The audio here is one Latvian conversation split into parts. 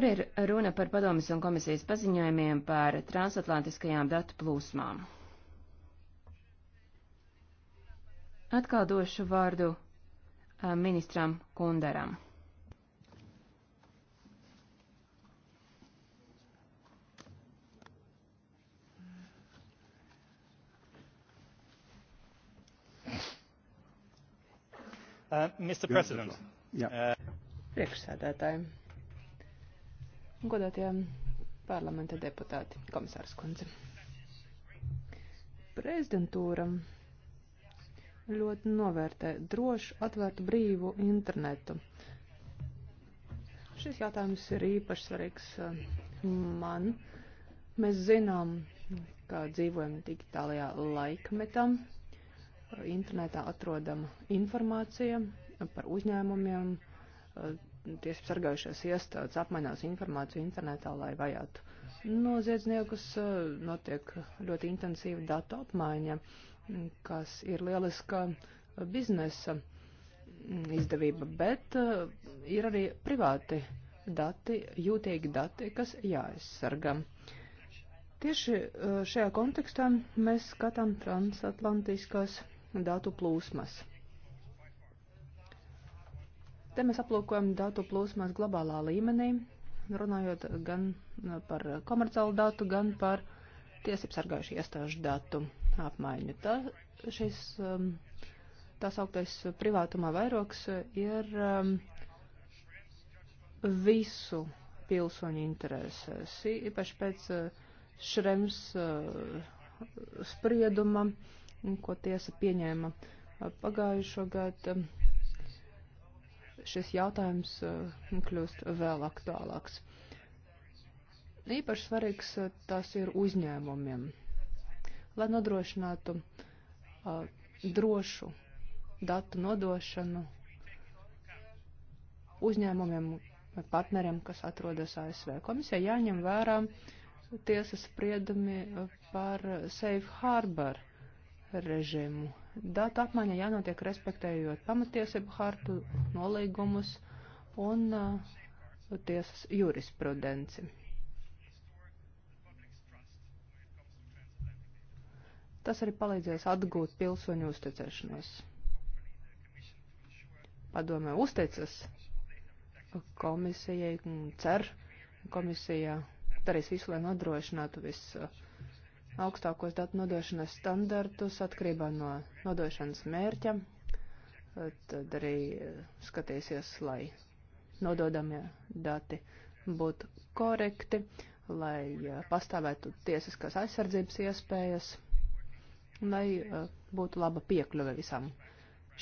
kur ir runa par padomis un komisijas paziņojumiem par transatlantiskajām datu plūsmām. Atkal došu vārdu ministram Kundaram. Uh, Mr. President. Jā. Uh... Priekšsēdētāji godātie parlamenta deputāti, komisārs kundze. Prezidentūra ļoti novērtē drošu, atvērtu, brīvu internetu. Šis jautājums ir īpaši svarīgs uh, man. Mēs zinām, ka dzīvojam digitālajā laikmetā. Internetā atrodama informācija par uzņēmumiem, uh, tiesību sargājušās iestādes apmainās informāciju internetā, lai vajātu noziedzniekus. Eh, notiek ļoti intensīva datu apmaiņa, kas ir lieliska biznesa izdevība, bet eh, ir arī privāti dati, jūtīgi dati, kas jāaizsarga. Tieši eh, šajā kontekstā mēs skatām transatlantiskās datu plūsmas. Te mēs aplūkojam datu plūsmas globālā līmenī, runājot gan par komerciālu datu, gan par tiesību sargājušu iestāžu datu apmaiņu. Tā, šis um, tā sauktais privātumā vairoks ir um, visu pilsoņu interesēs, īpaši pēc uh, Šrems uh, sprieduma, ko tiesa pieņēma pagājušo gadu šis jautājums eh, kļūst vēl aktuālāks. Īpaši svarīgs eh, tas ir uzņēmumiem, lai nodrošinātu uh, drošu datu nodošanu uzņēmumiem vai partneriem, kas atrodas ASV. Komisija jāņem vērā tiesas spriedumi par Safe Harbor režīmu. Data apmaiņa jānotiek respektējot pamatiesību hartu, nolīgumus un uh, tiesas jurisprudenci. Tas arī palīdzēs atgūt pilsoņu uzticēšanos. Padomē uzticas komisijai un cer komisijā darīs visu, lai nodrošinātu visu uh, augstākos datu nodošanas standartus atkarībā no nodošanas mērķa. Tad arī eh, skatīsies, lai nododamie dati būtu korekti, lai eh, pastāvētu tiesiskās aizsardzības iespējas, lai eh, būtu laba piekļuve visam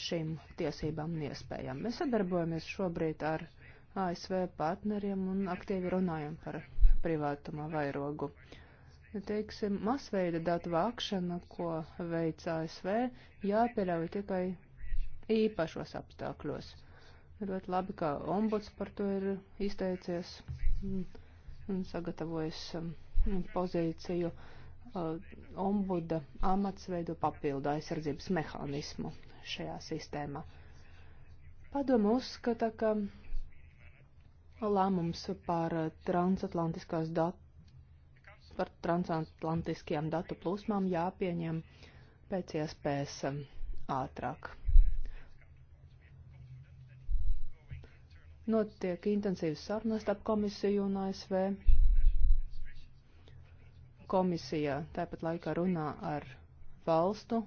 šīm tiesībām un iespējām. Mēs sadarbojamies šobrīd ar ASV partneriem un aktīvi runājam par privātuma vairogu. Uh, teiksim, masveida datu vākšana, ko veic ASV, jāpieļauj tikai īpašos apstākļos. Ļoti labi, ka ombuds par to ir izteicies un sagatavojis um, pozīciju. Uh, ombuda amats veido papildu aizsardzības mehānismu šajā sistēmā. Padoma uzskata, ka lēmums par transatlantiskās datu par transatlantiskajām datu plūsmām jāpieņem pēc iespējas um, ātrāk. Notiek intensīvas sarunas starp komisiju un ASV. Komisija tāpat laikā runā ar valstu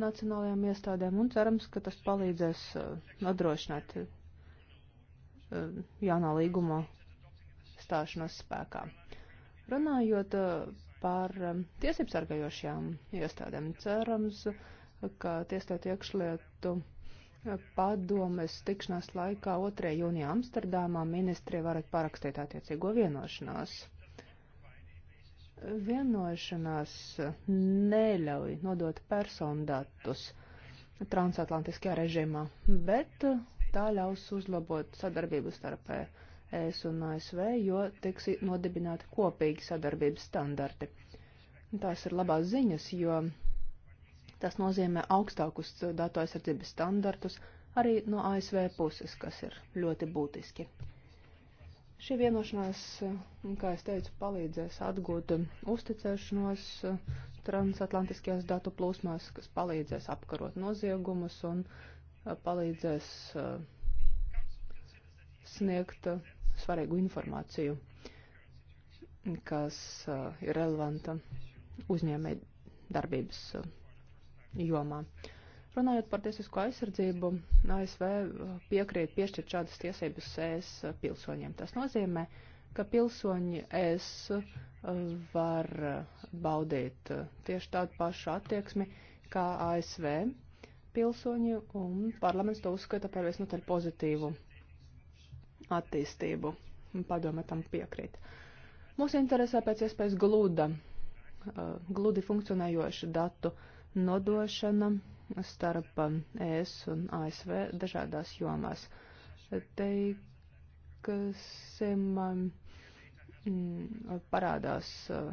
nacionālajām iestādēm un cerams, ka tas palīdzēs uh, nodrošināt uh, uh, jaunā līguma stāšanos spēkā. Runājot eh, par eh, tiesību sargājošajām iestādēm, cerams, ka tieslietu iekšlietu eh, padomes tikšanās laikā 2. jūnijā Amsterdāmā ministrie varat parakstīt attiecīgo vienošanās. Vienošanās neļauj nodot personu datus transatlantiskajā režīmā, bet tā ļaus uzlabot sadarbību starp ES un ASV, jo tiks nodibināti kopīgi sadarbības standarti. Tās ir labās ziņas, jo tas nozīmē augstākus datu aizsardzības standartus arī no ASV puses, kas ir ļoti būtiski. Šī vienošanās, kā es teicu, palīdzēs atgūt uzticēšanos transatlantiskajās datu plūsmās, kas palīdzēs apkarot noziegumus un palīdzēs uh, sniegt svarīgu informāciju, kas uh, ir relevanta uzņēmē darbības uh, jomā. Runājot par tiesisko aizsardzību, ASV uh, piekrīt piešķirt šādas tiesības ES uh, pilsoņiem. Tas nozīmē, ka pilsoņi ES uh, var baudīt tieši tādu pašu attieksmi kā ASV pilsoņi, un parlaments to uzskata par visnotaļ pozitīvu attīstību. Padome tam piekrīt. Mūs interesē pēc iespējas gluda, uh, gludi funkcionējoša datu nodošana starp um, ES un ASV dažādās jomās. Teiksim, um, mm, parādās uh,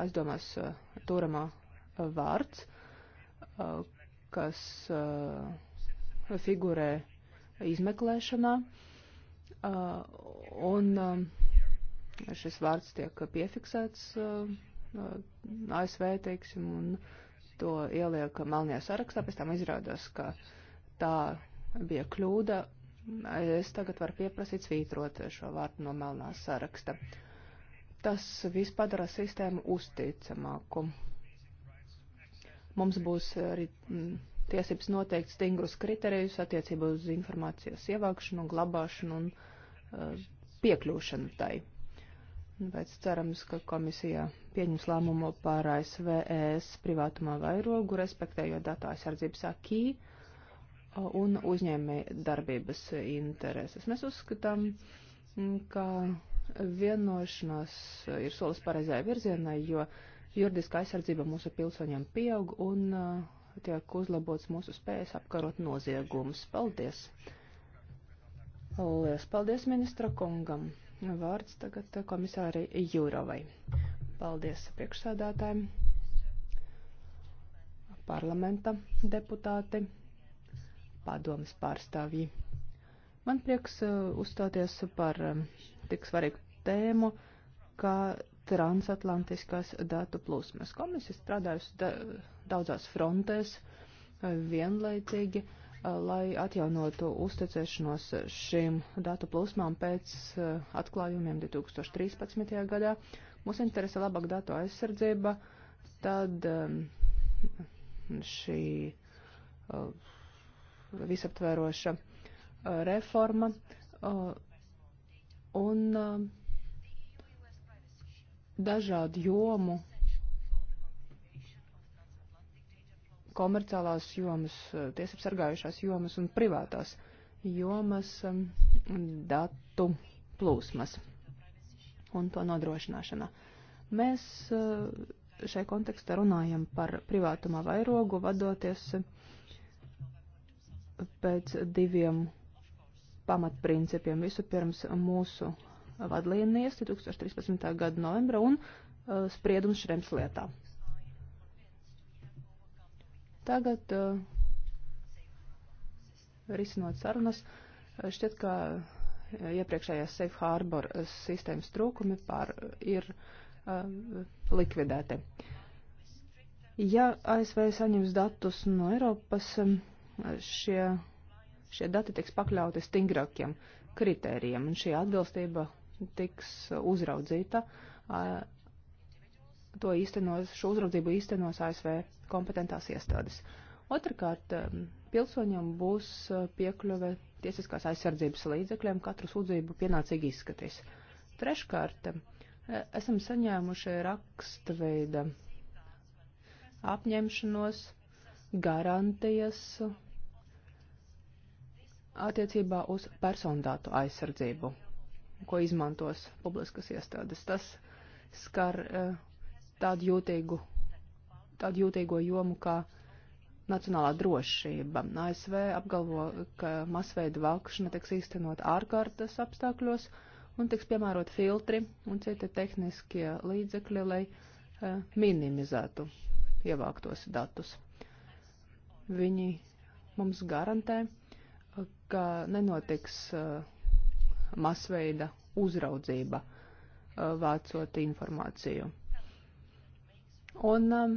aizdomās uh, turamā vārds, kas figurē izmeklēšanā. Uh, Uh, un um, šis vārds tiek piefiksēts uh, uh, ASV, teiksim, un to ieliek melnajā sarakstā, pēc tam izrādās, ka tā bija kļūda. Es tagad varu pieprasīt svītrot šo vārdu no melnā saraksta. Tas viss padara sistēmu uzticamāku. Mums būs arī mm, tiesības noteikt stingrus kriterijus attiecībā uz informācijas ievākšanu, glabāšanu un uh, piekļūšanu tai. Pēc cerams, ka komisija pieņems lēmumu par ASVS e privātumā vairogu, respektējot datu aizsardzības akī uh, un uzņēmēja darbības intereses. Mēs uzskatām, mm, ka vienošanās ir solis pareizajā virzienā, jo juridiskā aizsardzība mūsu pilsoņiem pieaug un uh, ka tiek uzlabots mūsu spējas apkarot noziegumus. Paldies! Lielas paldies ministra kungam! Vārds tagad komisārai Jūrovai. Paldies priekšsādātājiem, parlamenta deputāti, padomas pārstāvji. Man prieks uh, uzstāties par um, tik svarīgu tēmu, kā transatlantiskās datu plūsmas. Komisija strādājusi da daudzās frontēs eh, vienlaicīgi, eh, lai atjaunotu uzticēšanos šīm datu plūsmām pēc eh, atklājumiem 2013. gadā. Mūs interesē labāk datu aizsardzība, tad šī visaptvēroša reforma un dažādu jomu, komerciālās jomas, tiesības sargājušās jomas un privātās jomas um, datu plūsmas un to nodrošināšana. Mēs uh, šai kontekstā runājam par privātumā vairogu, vadoties uh, pēc diviem pamatprincipiem. Vispirms mūsu vadlīnijas 2013. gada novembra un uh, spriedums Šrems lietā. Tagad, uh, risinot sarunas, uh, šķiet, ka uh, iepriekšējās safe harbor uh, sistēmas trūkumi pār, ir uh, likvidēti. Ja ASV saņems datus no Eiropas, um, šie, šie dati tiks pakļauti stingrākiem kritērijiem, un šī atbilstība tiks uzraudzīta. To īstenos, šo uzraudzību īstenos ASV kompetentās iestādes. Otrakārt, um, pilsoņiem būs piekļuve tiesiskās aizsardzības līdzekļiem, katru sūdzību pienācīgi izskatīs. Treškārt, um, e, esam saņēmuši rakstveida apņemšanos, garantijas attiecībā uz persondātu aizsardzību ko izmantos publiskas iestādes. Tas skar eh, tādu jūtīgu, tādu jūtīgo jomu kā nacionālā drošība. ASV apgalvo, ka masveida vākšana tiks īstenot ārkārtas apstākļos un tiks piemērot filtri un citi tehniskie līdzekļi, lai eh, minimizētu ievāktos datus. Viņi mums garantē, eh, ka nenotiks uh, masveida uzraudzība, uh, vācot informāciju. Un um,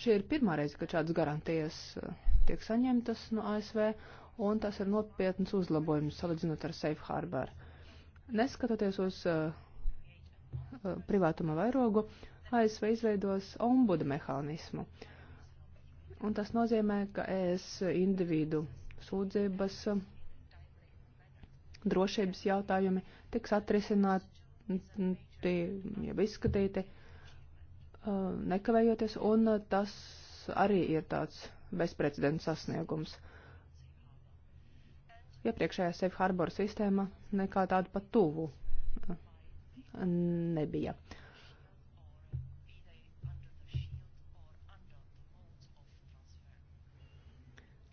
šī ir pirmā reize, kad šādas garantijas uh, tiek saņemtas no ASV, un tas ir nopietns uzlabojums salīdzinot ar Safe Harbor. Neskatoties uz uh, uh privātuma vairogu, ASV izveidos ombuda mehānismu. Un tas nozīmē, ka es individu sūdzības uh, drošības jautājumi tiks atrisināti, jau izskatīti, uh, nekavējoties, un uh, tas arī ir tāds bezprecedents sasniegums. Iepriekšējā Safe Harbor sistēma nekā tāda pat tuvu uh, nebija. Uh,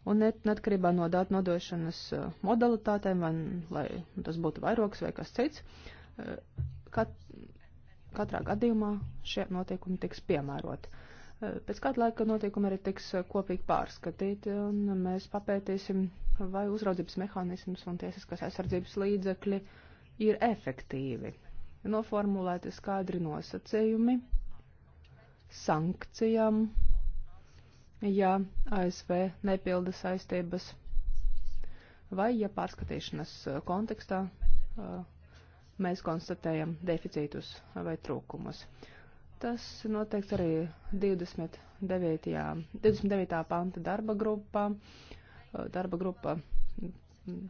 Un net, netkarībā no datu nodošanas uh, modalitātēm, vai, lai tas būtu vairoks vai kas cits, uh, kat, katrā gadījumā šie noteikumi tiks piemēroti. Uh, pēc kāda laika noteikumi arī tiks kopīgi pārskatīti, un mēs papētīsim, vai uzraudzības mehānisms un tiesiskās aizsardzības līdzekļi ir efektīvi. Noformulēti skaidri nosacījumi sankcijām ja ASV nepilda saistības vai ja pārskatīšanas uh, kontekstā uh, mēs konstatējam deficītus vai trūkumus. Tas noteikts arī 29. 29. panta darba grupā. Uh, darba grupa mm,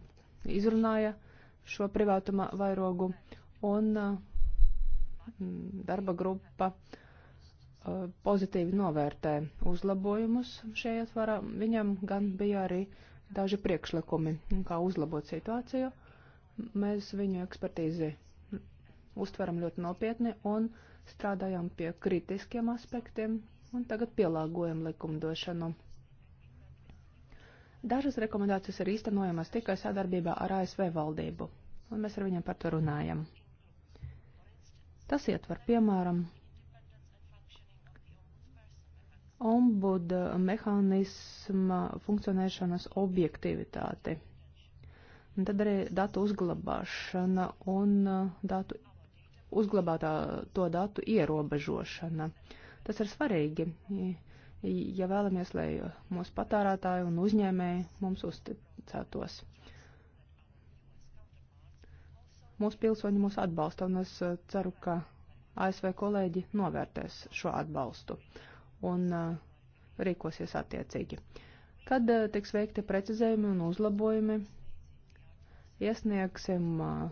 izrunāja šo privātuma vairogu un mm, darba grupa uh, pozitīvi novērtē uzlabojumus šajā ietvarā. Viņam gan bija arī daži priekšlikumi, kā uzlabot situāciju. Mēs viņu ekspertīzi uztveram ļoti nopietni un strādājam pie kritiskiem aspektiem un tagad pielāgojam likumdošanu. Dažas rekomendācijas ir īstenojamas tikai sadarbībā ar ASV valdību, un mēs ar viņiem par to runājam. Tas ietver, piemēram, ombuda mehānisma funkcionēšanas objektivitāti. Un tad arī datu uzglabāšana un uh, datu uzglabātā to datu ierobežošana. Tas ir svarīgi, ja vēlamies, lai mūsu patārātāji un uzņēmēji mums uzticētos. Mūsu pilsoņi mūs atbalsta, un es uh, ceru, ka ASV kolēģi novērtēs šo atbalstu. Uh, un uh, rīkosies attiecīgi. Kad uh, tiks veikti precizējumi un uzlabojumi, iesniegsim uh,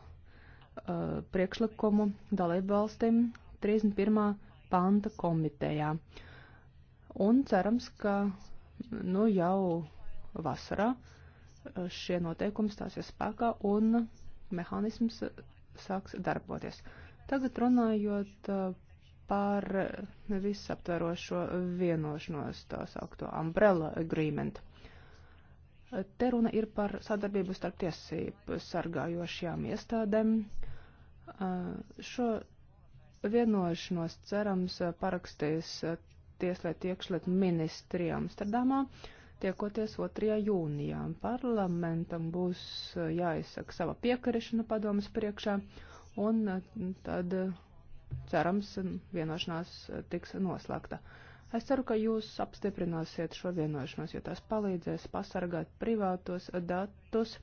priekšlikumu dalībvalstīm 31. panta komitejā. Un cerams, ka nu jau vasarā šie noteikumi stāsies spēkā un mehānisms sāks darboties. Tagad runājot par visaptverošo vienošanos, tā saukto umbrella agreement. Te runa ir par sadarbību starp tiesību sargājošajām iestādēm. Šo vienošanos cerams parakstīs tieslietu iekšlietu ministri Amsterdamā, tiekoties 2. jūnijā. Parlamentam būs jāizsaka sava piekarišana padomas priekšā, un tad cerams, vienošanās eh, tiks noslēgta. Es ceru, ka jūs apstiprināsiet šo vienošanos, jo tas palīdzēs pasargāt privātos eh, datus,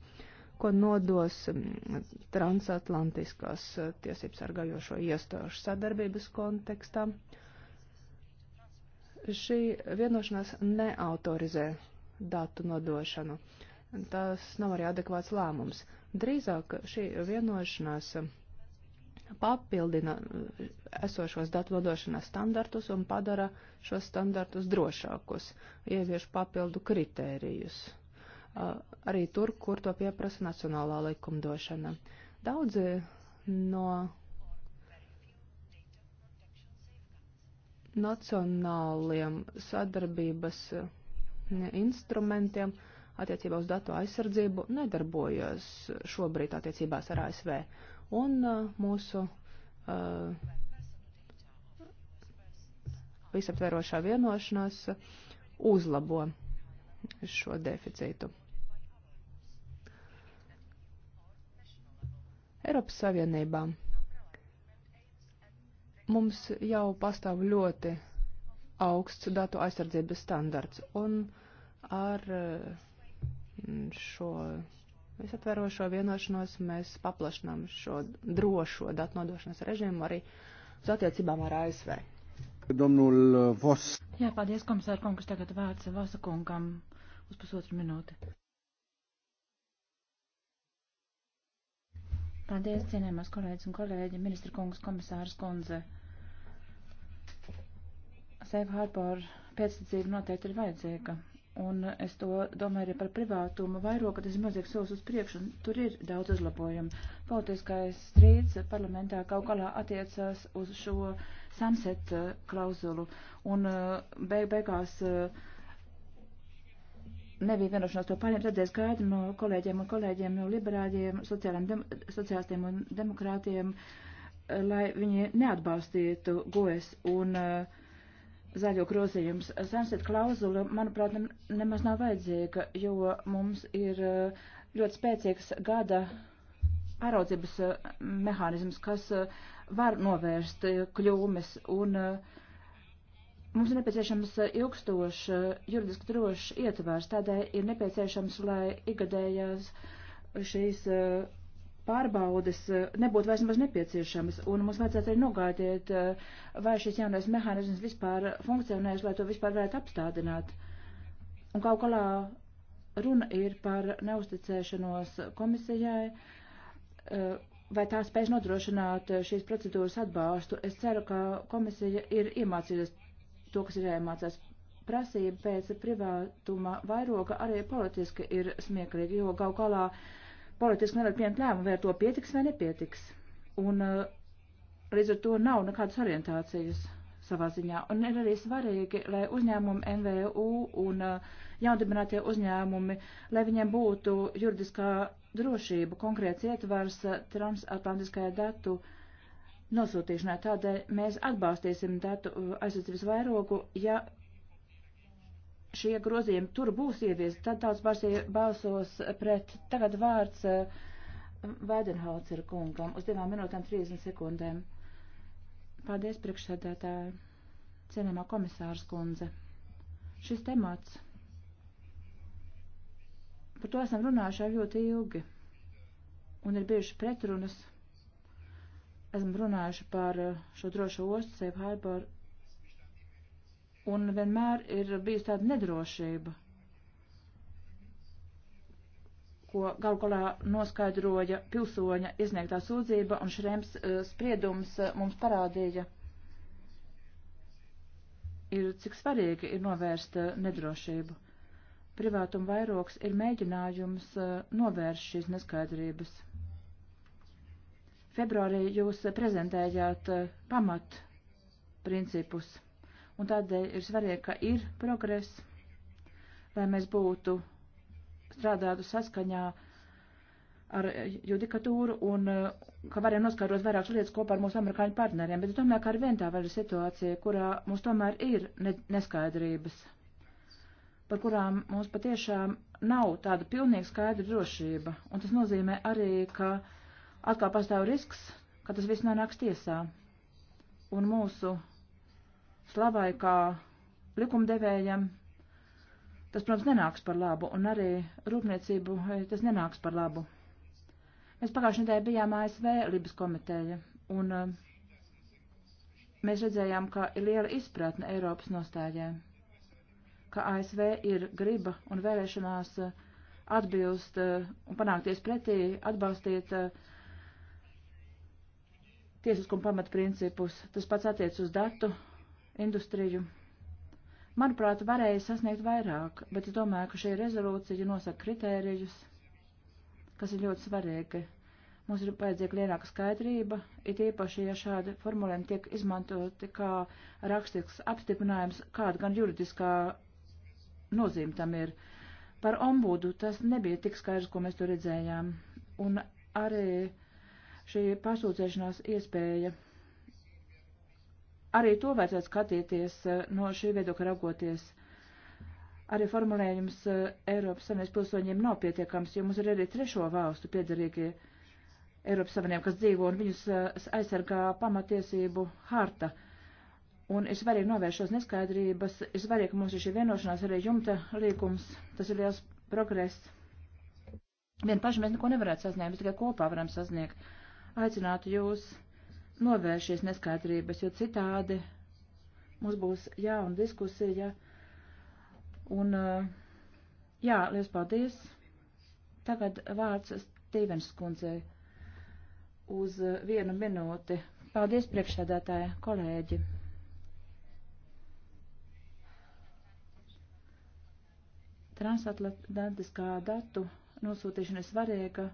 ko nodos mm, transatlantiskās eh, tiesības sargājošo iestāžu sadarbības kontekstā. Šī vienošanās neautorizē datu nodošanu. Tas nav arī adekvāts lēmums. Drīzāk šī vienošanās uh, papildina uh, esošos datu nodošanas standartus un padara šos standartus drošākus, ievieš papildu kritērijus. Uh, arī tur, kur to pieprasa nacionālā likumdošana. Daudzi no nacionāliem sadarbības uh, instrumentiem attiecībā uz datu aizsardzību nedarbojas šobrīd attiecībās ar ASV. Uh, un uh, mūsu uh, visaptverošā vienošanās uzlabo šo deficītu. Eiropas Savienībā mums jau pastāv ļoti augsts datu aizsardzības standarts, un ar uh, šo visatverošo vienošanos mēs paplašinām šo drošo datu nodošanas režīmu arī uz attiecībām ar ASV. Domnul uh, Vos. Jā, paldies, komisār kungs, tagad vārds Vasa kungam uz pusotru minūti. Paldies, cienējumās kolēģis un kolēģi, ministra kungs, komisārs kundze. Safe Harbor pēcticība noteikti ir vajadzīga un es to domāju arī par privātumu vairogu, tas ir mazliet solis uz priekšu, un tur ir daudz uzlabojumu. Politiskais strīds parlamentā kaut kādā attiecās uz šo sunset uh, klauzulu, un uh, beig beigās uh, nebija vienošanās to pārņemt, redzēs skaidri no kolēģiem un kolēģiem, no liberāļiem, dem sociālistiem un demokrātiem, lai viņi neatbalstītu gojas un uh, zaļo grozījums. Sunset klauzula, manuprāt, nemaz nav vajadzīga, jo mums ir eh, ļoti spēcīgs gada pāraudzības eh, mehānisms, kas eh, var novērst kļūmes un Mums ir nepieciešams ilgstošs, juridiski drošs ietvars, tādēļ ir nepieciešams, lai igadējās šīs uh, pārbaudes eh, nebūtu vairs nemaz nepieciešamas, un mums vajadzētu arī nogādiet, eh, vai šis jaunais mehānisms vispār funkcionēs, lai to vispār varētu apstādināt. Un kaut galā runa ir par neusticēšanos komisijai, eh, vai tā spēs nodrošināt šīs procedūras atbalstu. Es ceru, ka komisija ir iemācījusies to, kas ir jāiemācās prasība pēc privātuma vairoga arī politiski ir smieklīgi, jo gal galā uh, politiski nevar pieņemt lēmumu, vai ar to pietiks vai nepietiks. Un uh, līdz ar to nav nekādas orientācijas savā ziņā. Un ir arī svarīgi, lai uzņēmumi NVU un uh, jaundibinātie uzņēmumi, lai viņiem būtu juridiskā drošība, konkrēts ietvars uh, transatlantiskajā datu nosūtīšanā. Tādēļ mēs atbalstīsim datu uh, aizsardzības vairogu, ja šie grozījumi tur būs ieviesti, tad tās balsos pret. Tagad vārds Vaidenhauser eh, kungam uz divām minūtēm 30 sekundēm. Paldies, priekšsēdētāji, cienījumā komisārs kundze. Šis temats. Par to esam runājuši jau ļoti ilgi. Un ir bijuši pretrunas. Esam runājuši par eh, šo drošo ostu, Safe Harbor, un vienmēr ir bijis tāda nedrošība, ko galu galā noskaidroja pilsoņa izniegtā sūdzība, un šrems uh, spriedums uh, mums parādīja, ir, cik svarīgi ir novērst uh, nedrošību. Privātuma vairoks ir mēģinājums novērst šīs neskaidrības. Februārī jūs prezentējāt pamat principus un tādēļ ir svarīgi, ka ir progress, lai mēs būtu strādātu saskaņā ar judikatūru un eh, ka varējām noskaidrot vairākas lietas kopā ar mūsu amerikāņu partneriem, bet es domāju, ka ar vien tā vēl ir situācija, kurā mums tomēr ir ne neskaidrības, par kurām mums patiešām nav tāda pilnīga skaidra drošība, un tas nozīmē arī, ka atkal pastāv risks, ka tas viss nonāks tiesā, un mūsu slavai kā likumdevējam. Tas, protams, nenāks par labu, un arī rūpniecību eh, tas nenāks par labu. Mēs pagājušajā nedēļā bijām ASV Libas komiteja, un eh, mēs redzējām, ka ir liela izpratne Eiropas nostājai, ka ASV ir griba un vēlēšanās eh, atbilst un panākties pretī, atbalstīt tiesiskuma pamatprincipus. Tas pats attiec uz datu industriju. Manuprāt, varēja sasniegt vairāk, bet es domāju, ka šī rezolūcija nosaka kritērijus, kas ir ļoti svarīgi. Mums ir vajadzīga lielāka skaidrība, it īpaši, ja šādi formulējumi tiek izmantoti kā rakstisks apstiprinājums, kāda gan juridiskā nozīme tam ir. Par ombudu tas nebija tik skaidrs, ko mēs tur redzējām. Un arī šī pasūdzēšanās iespēja arī to vajadzētu skatīties eh, no šī viedokļa raugoties. Arī formulējums eh, Eiropas Savienības pilsoņiem nav pietiekams, jo mums ir arī trešo valstu piedarīgie Eiropas Savienībiem, kas dzīvo un viņus eh, aizsargā pamatiesību harta. Un ir svarīgi novērst šos neskaidrības, ir svarīgi, ka mums ir šī vienošanās arī jumta līkums, tas ir liels progress. Vien paši mēs neko nevarētu sasniegt, bet tikai kopā varam sasniegt. Aicinātu jūs novērš šīs neskaidrības, jo citādi mums būs jauna diskusija. Un, eh, jā, liels paldies. Tagad vārds Stīvens skundzei uz eh, vienu minūti. Paldies, priekšsēdētāja kolēģi. Transatlantiskā datu nosūtīšana ir svarīga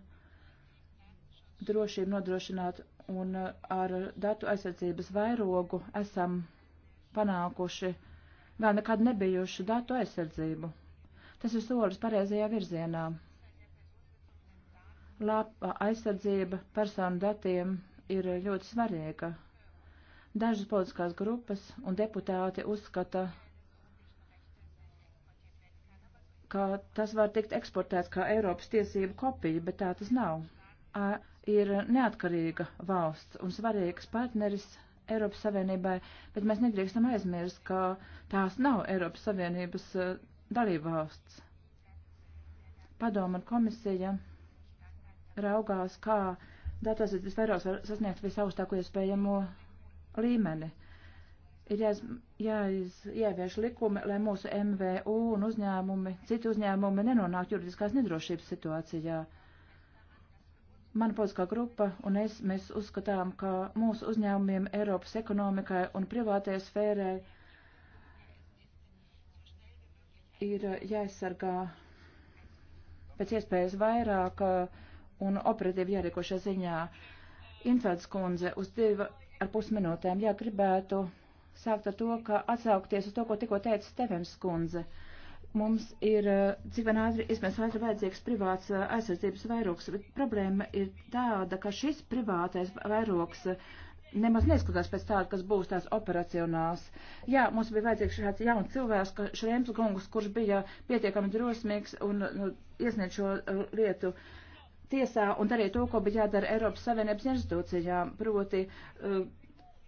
drošību nodrošināt un uh, ar datu aizsardzības vairogu esam panākuši vēl nekad nebijušu datu aizsardzību. Tas ir solis pareizajā virzienā. Lapa aizsardzība personu datiem ir ļoti svarīga. Dažas politiskās grupas un deputāti uzskata, ka tas var tikt eksportēts kā Eiropas tiesību kopija, bet tā tas nav ir neatkarīga valsts un svarīgs partneris Eiropas Savienībai, bet mēs nedrīkstam aizmirst, ka tās nav Eiropas Savienības dalība valsts. Padoma un komisija raugās, kā datasardzes vairos var sasniegt visaugstāko iespējamo līmeni. Ir jāiz, jāiz, jāievieš likumi, lai mūsu MVU un uzņēmumi, citi uzņēmumi nenonāk juridiskās nedrošības situācijā. Ja Mana politiskā grupa un es, mēs uzskatām, ka mūsu uzņēmumiem, Eiropas ekonomikai un privātajai sfērai ir jāaizsargā pēc iespējas vairāk uh, un operatīvi jārīko šajā ziņā. Infelds kundze uz divu ar pus minūtēm, jā, gribētu sākt ar to, ka atsaukties uz to, ko tikko teica Stevens kundze. Uh, mums ir dzīvē eh, ātri, izmēs ātri vajadzīgs privāts eh, aizsardzības vairoks, bet problēma ir tāda, ka šis privātais vairoks eh, nemaz neskatās pēc tāda, kas būs tās operacionāls. Jā, mums bija vajadzīgs šāds jauns cilvēks, ka Šrēms Gungus, kurš bija pietiekami drosmīgs un nu, iesniedz šo lietu tiesā un darīja to, ko bija jādara Eiropas Savienības institūcijām, proti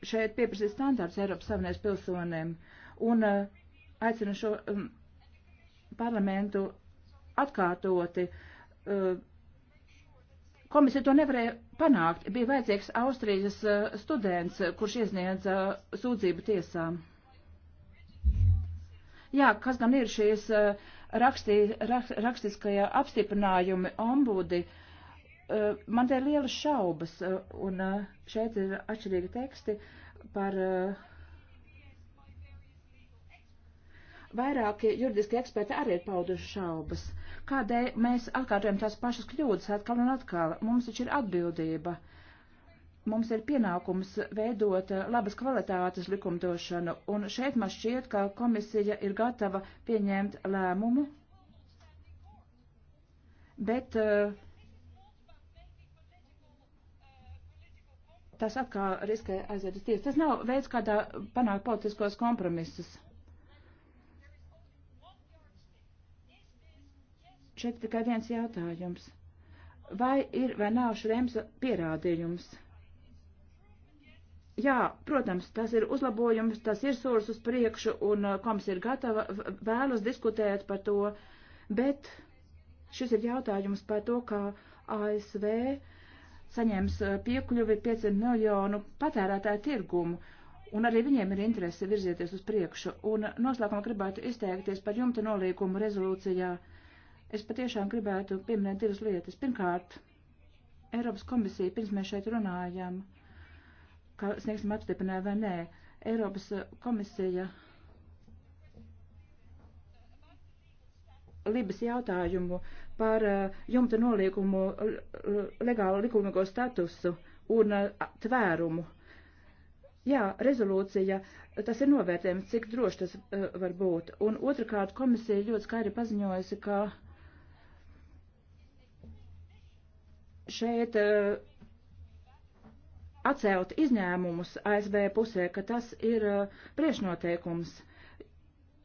šeit pieprasīt standārts Eiropas Savienības pilsoniem. Un aicinu šo um, parlamentu atkārtoti. Eh, komisija to nevarēja panākt. Bija vajadzīgs Austrijas eh, students, kurš iesniedza sūdzību tiesām. Jā, kas gan ir šīs eh, rakstī, rak, rakstiskajā apstiprinājumi ombudi? Man te ir lielas šaubas, un šeit ir atšķirīgi teksti par uh, Vairāki juridiski eksperti arī ir pauduši šaubas. Kādēļ mēs atkārtojam tās pašas kļūdas atkal un atkal? Mums taču ir atbildība. Mums ir pienākums veidot labas kvalitātes likumdošanu, un šeit man šķiet, ka komisija ir gatava pieņemt lēmumu, bet uh, tas atkal riskē aiziet uz tiesu. Tas nav veids, kādā panākt politiskos kompromisus. Šeit tikai viens jautājums. Vai ir vai nav Šremsa pierādījums? Jā, protams, tas ir uzlabojums, tas ir solis uz priekšu, un uh, koms ir gatava vēlas diskutēt par to, bet šis ir jautājums par to, kā ASV saņems uh, piekļuvi 500 miljonu patērētāju tirgumu, un arī viņiem ir interese virzieties uz priekšu. Un uh, noslēgumā gribētu izteikties par jumta nolīkumu rezolūcijā 1997 Es patiešām gribētu pieminēt divas lietas. Pirmkārt, Eiropas komisija, pirms mēs šeit runājam, ka sniegsim apstiprinājumu vai nē, Eiropas komisija Libas jautājumu par eh, jumta noliekumu legālu likumīgo statusu un eh, tvērumu. Jā, rezolūcija, tas ir novērtējums, cik droši tas eh, var būt. Un otrkārt, komisija ļoti skaidri paziņojusi, ka uh, šeit eh, atcelt izņēmumus ASV pusē, ka tas ir eh, priešnoteikums.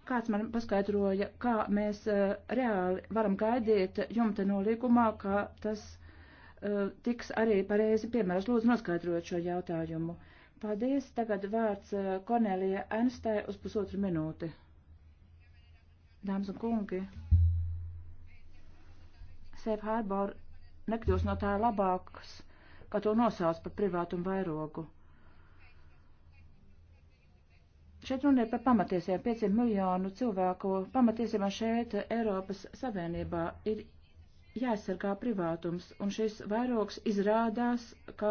Kāds man paskaidroja, kā mēs eh, reāli varam gaidīt jumta nolīgumā, ka tas tiks arī pareizi piemērs. Lūdzu, noskaidrot šo jautājumu. Paldies. Tagad vārds Kornelija Ernstē uz pusotru minūti. Dāmas un kungi, Safe Harbor nekļūs no tā labāks, kā to nosauc par privātumu vairogu. Šeit runa ir par pamatiesībām. 5 miljonu cilvēku pamatiesībām šeit Eiropas Savienībā ir jāaizsargā privātums, un šis vairogs izrādās kā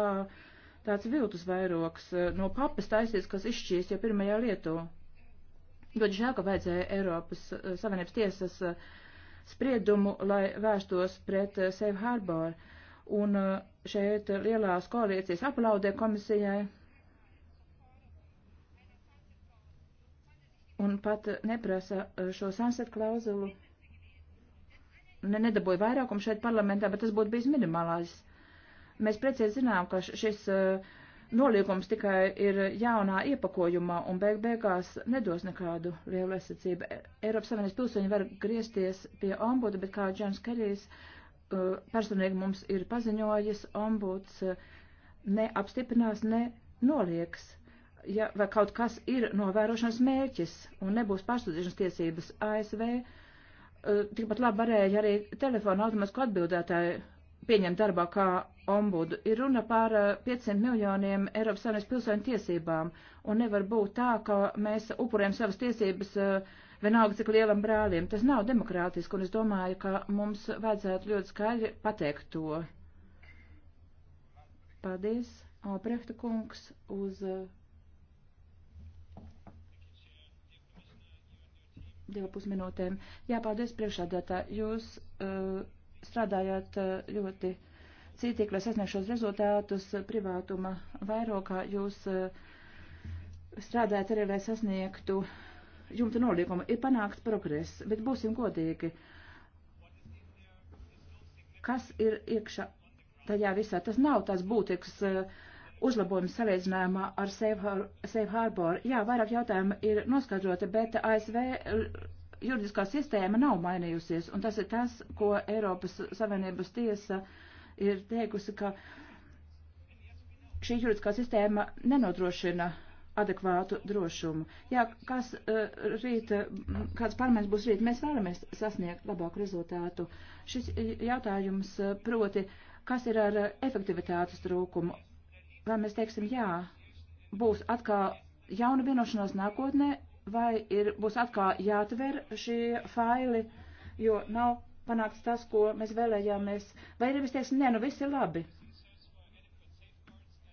tāds viltus vairogs no papas taisīts, kas izšķīs jau pirmajā lietu. Ļoti žēl, ka vajadzēja Eiropas eh, Savienības tiesas uh, spriedumu, lai vērstos pret eh, Safe Harbor. Un eh, šeit lielās koalīcijas aplaudē komisijai. Un pat neprasa eh, šo sunset klauzulu. Ne, nedabūja vairākumu šeit parlamentā, bet tas būtu bijis minimālais. Mēs precīzi zinām, ka šis uh, nolīgums tikai ir jaunā iepakojumā un beig beigās nedos nekādu lielu aizsardzību. E- Eiropas Savienības pilsoņi var griezties pie ombuda, bet kā Džons Kerijs uh, personīgi mums ir paziņojis, ombuds uh, neapstiprinās, ne nolieks. Ja, vai kaut kas ir novērošanas mērķis un nebūs pārsūdzīšanas tiesības ASV, uh, tikpat labi varēja arī telefona automātisku atbildētāju pieņemt darbā kā ombudu. Ir runa par 500 eh, miljoniem Eiropas Savienības pilsoņu tiesībām, un nevar būt tā, ka mēs upurējam savas tiesības eh, vienalga cik lielam brālim. Tas nav demokrātiski, un es domāju, ka mums vajadzētu ļoti skaļi pateikt to. Paldies, Albrehta kungs, uz eh, divu pusminūtēm. Jā, paldies priekšādātā. Jūs uh, strādājāt eh, ļoti cītīgi, lai sasniegtu šos rezultātus privātuma vairokā. Jūs eh, strādājat arī, lai sasniegtu jumta noliekumu. Ir panākts progress, bet būsim godīgi. Kas ir iekšā tajā visā? Tas nav tās būtisks eh, uzlabojums salīdzinājumā ar Safe Harbor. Jā, vairāk jautājumu ir noskaidrota, bet ASV juridiskā sistēma nav mainījusies, un tas ir tas, ko Eiropas Savienības tiesa ir teikusi, ka šī juridiskā sistēma nenodrošina adekvātu drošumu. Jā, kas eh, rīt, kāds parlaments būs rīt, mēs vēlamies sasniegt labāku rezultātu. Šis jautājums eh, proti, kas ir ar eh, efektivitātes trūkumu? Vai mēs teiksim, jā, būs atkal jauna vienošanās nākotnē, vai ir, būs atkal jāatver šie faili, jo nav panākts tas, ko mēs vēlējāmies. Vai arī viss teiks, nē, nu viss ir labi.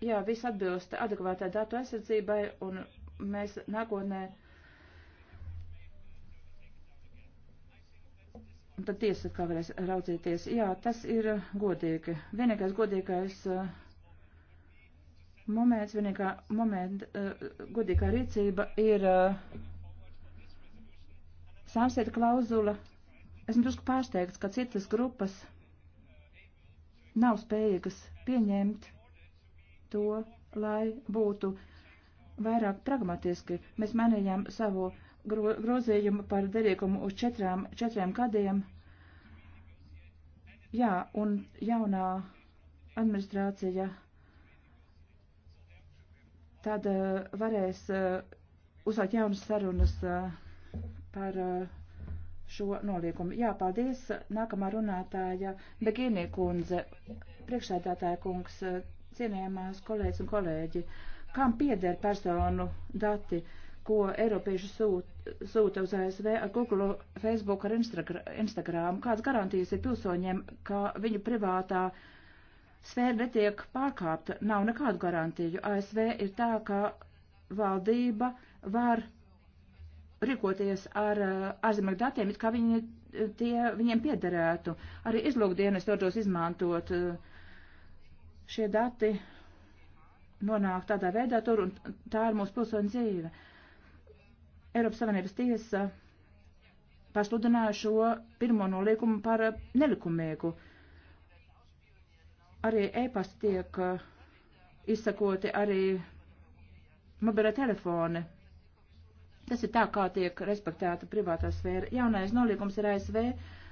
Jā, viss atbilst adekvātai datu aizsardzībai, un mēs nākotnē. Un tad tiesa, kā varēs raudzīties. Jā, tas ir godīgi. Vienīgais godīgais. Uh, Moments, vienīgā, moment, uh, godīgā rīcība ir uh, eh, sāmsieta klauzula. Esmu drusku pārsteigts, ka citas grupas nav spējīgas pieņemt to, lai būtu vairāk pragmatiski. Mēs mainījām savu gro, grozījumu par derīgumu uz četrām, četriem gadiem. Jā, un jaunā administrācija tad uh, varēs uh, uzsākt jaunas sarunas uh, par uh, šo noliekumu. Jā, paldies. Nākamā runātāja Begīnie kundze, priekšsēdētāja kungs, uh, cienījamās kolēģis un kolēģi. Kam pieder personu dati, ko Eiropieši sūt, sūta uz ASV ar Google, Facebook, ar Instagram? Kādas garantijas ir pilsoņiem, ka viņu privātā uh, sfēra netiek pārkāpta, nav nekādu garantiju. ASV ir tā, ka valdība var rīkoties ar eh, ārzemnieku datiem, it kā viņi, eh, tie viņiem piederētu. Arī izlūkdienas dodos izmantot eh, šie dati nonāk tādā veidā tur, un tā ir mūsu pilsoņa dzīve. Eiropas Savienības tiesa pasludināja šo pirmo noliekumu par nelikumīgu. Uh, arī e-pasta tiek uh, izsakoti arī mobila telefoni. Tas ir tā, kā tiek respektēta privātā sfēra. Jaunais nolīgums ir ASV,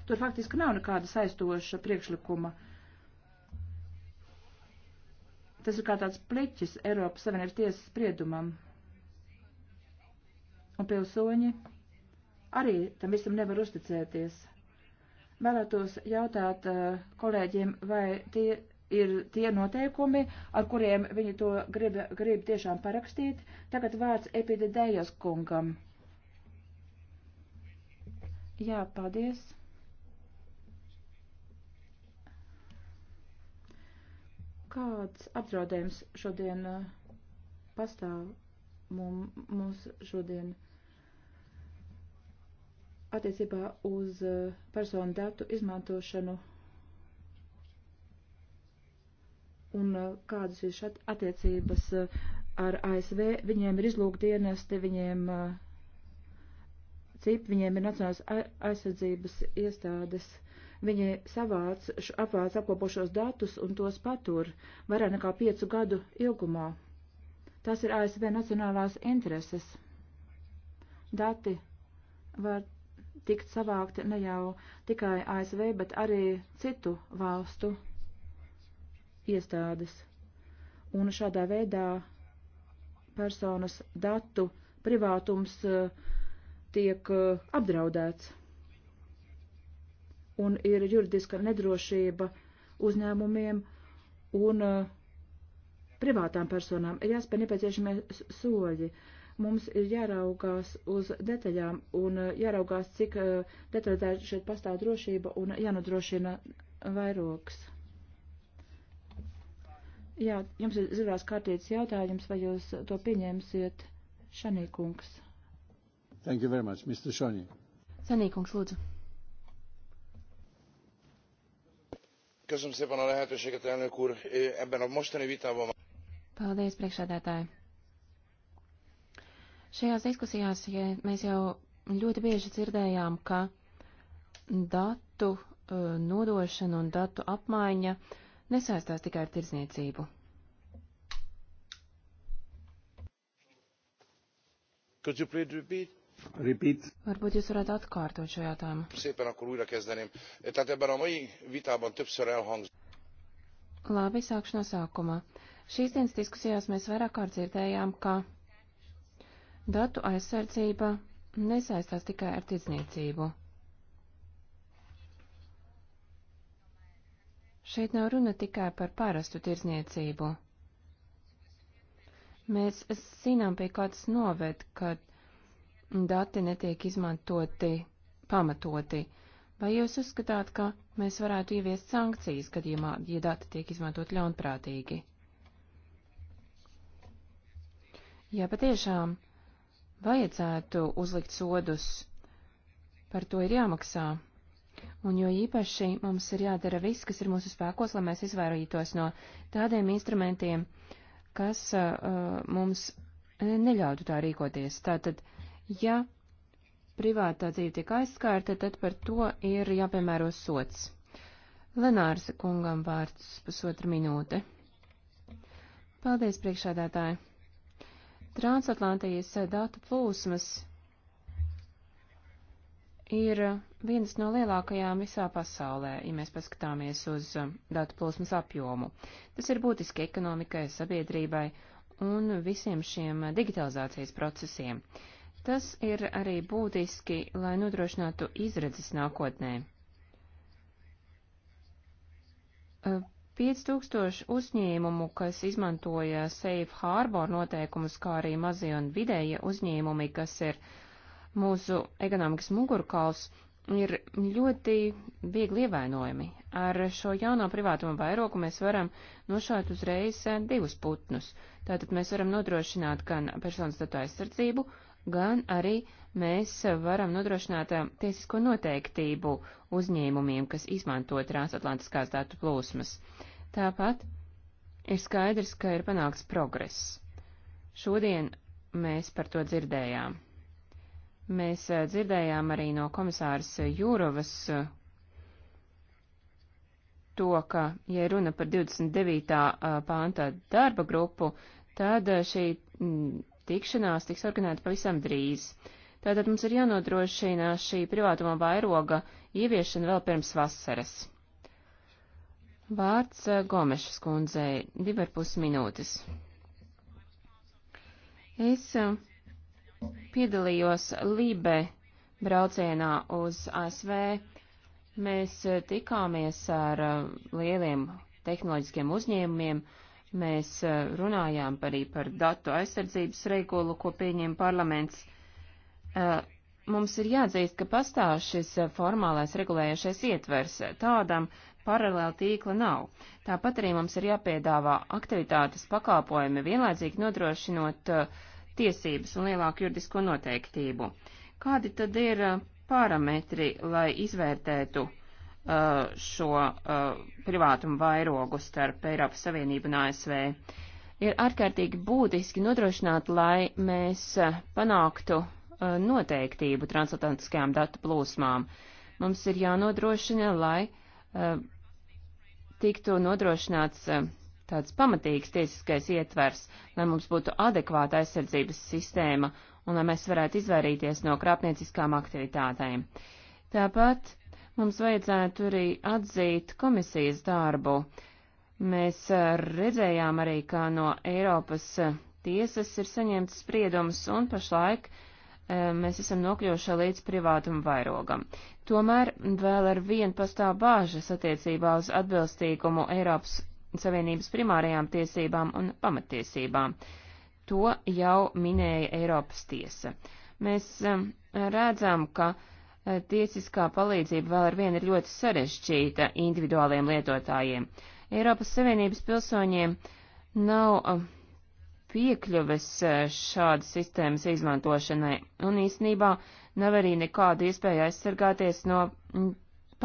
tur faktiski nav nekāda saistoša priekšlikuma. Tas ir kā tāds pliķis Eiropas Savienības tiesas spriedumam. Un pilsoņi arī tam visam nevar uzticēties. Vēlētos jautāt uh, kolēģiem, vai tie ir tie noteikumi, ar kuriem viņi to grib, grib tiešām parakstīt. Tagad vārds epidējas kungam. Jā, paldies. Kāds apdraudējums šodien uh, pastāv mums šodien attiecībā uz uh, personu datu izmantošanu? un uh, kādas ir šat attiecības uh, ar ASV. Viņiem ir izlūkdienesti, viņiem uh, cip, viņiem ir nacionālās aizsardzības iestādes. Viņi savāc, apvāc apkopošos datus un tos patur vairāk nekā piecu gadu ilgumā. Tas ir ASV nacionālās intereses. Dati var tikt savākti ne jau tikai ASV, bet arī citu valstu iestādes. Un šādā veidā personas datu privātums eh, tiek eh, apdraudēts. Un ir juridiska nedrošība uzņēmumiem un eh, privātām personām. Ir jāspēj nepieciešamie soļi. Mums ir jāraugās uz detaļām un jāraugās, cik detalizēti šeit pastāv drošība un jānodrošina vairogs. Jā, jums ir zilās kārtītas jautājums, vai jūs to pieņemsiet, Šanīkungs? Thank you very much, Mr. Šanī. Šanīkungs, lūdzu. Köszönöm szépen a lehetőséget, elnök úr. Ebben a mostani vitában... Paldies, priekšādātāji. Šajās diskusijās ja mēs jau ļoti bieži dzirdējām, ka datu nodošana un datu apmaiņa uh, nesaistās tikai ar tirzniecību. Could you please repeat? Repeat. Varbūt jūs varētu atkārtot šo jautājumu. Szépen akkor újra kezdeném. Tehát ebben a mai vitában többször elhangzott. Labi, sākšu no sākuma. Šīs dienas diskusijās mēs vairāk kārt dzirdējām, ka datu aizsardzība nesaistās tikai ar tirdzniecību. Šeit nav runa tikai par parastu tirzniecību. Mēs zinām, pie kādas noved, kad dati netiek izmantoti pamatoti. Vai jūs uzskatāt, ka mēs varētu ieviest sankcijas gadījumā, ja dati tiek izmantot ļaunprātīgi? Jā, patiešām vajadzētu uzlikt sodus. Par to ir jāmaksā. Un jo īpaši mums ir jādara viss, kas ir mūsu spēkos, lai mēs izvairītos no tādiem instrumentiem, kas uh, uh mums neļautu tā rīkoties. Tātad, ja privātā dzīve tiek aizskārta, tad par to ir jāpiemēro sots. Lenārs kungam vārds pusotra minūte. Paldies, priekšādātāji. Transatlantijas datu plūsmas ir vienas no lielākajām visā pasaulē, ja mēs paskatāmies uz um, datu plūsmas apjomu. Tas ir būtiski ekonomikai, sabiedrībai un visiem šiem uh, digitalizācijas procesiem. Tas ir arī būtiski, lai nodrošinātu izredzes nākotnē. 5000 uh, uzņēmumu, kas izmantoja Safe Harbor noteikumus, kā arī mazie un vidējie uzņēmumi, kas ir mūsu ekonomikas mugurkauls, ir ļoti viegli ievainojami. Ar šo jauno privātumu vairoku mēs varam nošaut uzreiz eh, divus putnus. Tātad mēs varam nodrošināt gan personas datu aizsardzību, gan arī mēs varam nodrošināt eh, tiesisko noteiktību uzņēmumiem, kas izmanto transatlantiskās datu plūsmas. Tāpat ir skaidrs, ka ir panāks progress. Šodien mēs par to dzirdējām. Mēs eh, dzirdējām arī no komisāras Jūrovas eh, to, ka, ja runa par 29. Eh, pānta darba grupu, tad šī mm, tikšanās tiks organizēta pavisam drīz. Tātad mums ir jānodrošina šī privātuma vairoga ieviešana vēl pirms vasaras. Vārds Gomešas kundzei, divarpus minūtes. Es uh, Piedalījos Lībe braucienā uz ASV. Mēs eh, tikāmies ar eh, lieliem tehnoloģiskiem uzņēmumiem. Mēs eh, runājām arī par datu aizsardzības regulu, ko pieņem parlaments. Mums ir jāatzīst, ka pastāv šis formālais regulējušais ietvers. Tādam paralēla tīkla nav. Tāpat arī mums ir jāpiedāvā aktivitātes pakalpojumi, vienlaicīgi nodrošinot uh, tiesības un lielāku juridisko noteiktību. Kādi tad ir uh, parametri, lai izvērtētu uh, šo uh, privātumu vairogu starp Eiropas Savienību un ASV? Ir ārkārtīgi būtiski nodrošināt, lai mēs uh, panāktu uh, noteiktību transatlantiskajām datu plūsmām. Mums ir jānodrošina, lai uh, tiktu nodrošināts tāds pamatīgs tiesiskais ietvers, lai mums būtu adekvāta aizsardzības sistēma un lai mēs varētu izvairīties no krāpnieciskām aktivitātēm. Tāpat mums vajadzētu arī atzīt komisijas darbu. Mēs eh, redzējām arī, ka no Eiropas eh, tiesas ir saņemts spriedums un pašlaik eh, mēs esam nokļuvuši līdz privātuma vairogam. Tomēr vēl ar vienu pastāv bāžas attiecībā uz atbilstīgumu Eiropas Savienības primārajām tiesībām un pamatiesībām. To jau minēja Eiropas tiesa. Mēs um, redzam, ka uh, tiesiskā palīdzība vēl ar vienu ir ļoti sarežģīta individuāliem lietotājiem. Eiropas Savienības pilsoņiem nav um, piekļuves uh, šādas sistēmas izmantošanai, un īsnībā nav arī nekāda iespēja aizsargāties no mm,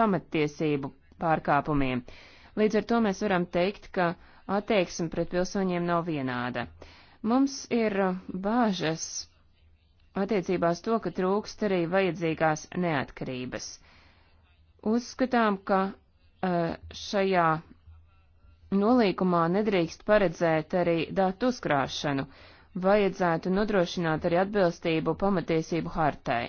pamatiesību pārkāpumiem. Uh, Līdz ar to mēs varam teikt, ka attieksme pret pilsoņiem nav vienāda. Mums ir uh, bāžas attiecībās to, ka trūkst arī vajadzīgās neatkarības. Uzskatām, ka uh, šajā nolīkumā nedrīkst paredzēt arī datu uzkrāšanu, vajadzētu nodrošināt arī atbilstību pamatiesību hartai.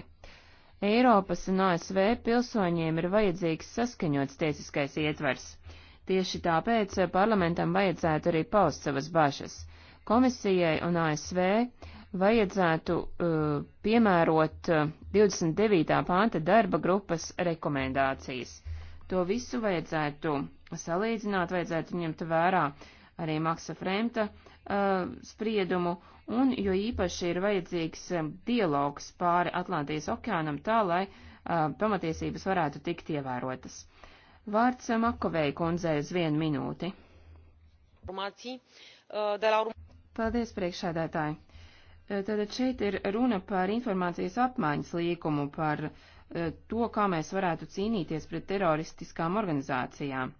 Eiropas un ASV pilsoņiem ir vajadzīgs saskaņots tiesiskais ietvers. Tieši tāpēc parlamentam vajadzētu arī paust savas bažas. Komisijai un ASV vajadzētu uh, piemērot 29. Uh, panta darba grupas rekomendācijas. To visu vajadzētu salīdzināt, vajadzētu ņemt vērā arī Maksa Fremta uh, spriedumu, un jo īpaši ir vajadzīgs uh, dialogs pāri Atlantijas okeānam tā, lai uh, pamatiesības varētu tikt ievērotas. Uh, Vārds Makovei kundzei uz vienu minūti. Eh, Paldies, priekšsēdētāji. Tātad eh, šeit ir runa par informācijas apmaiņas līkumu, par eh, to, kā mēs varētu cīnīties pret teroristiskām organizācijām.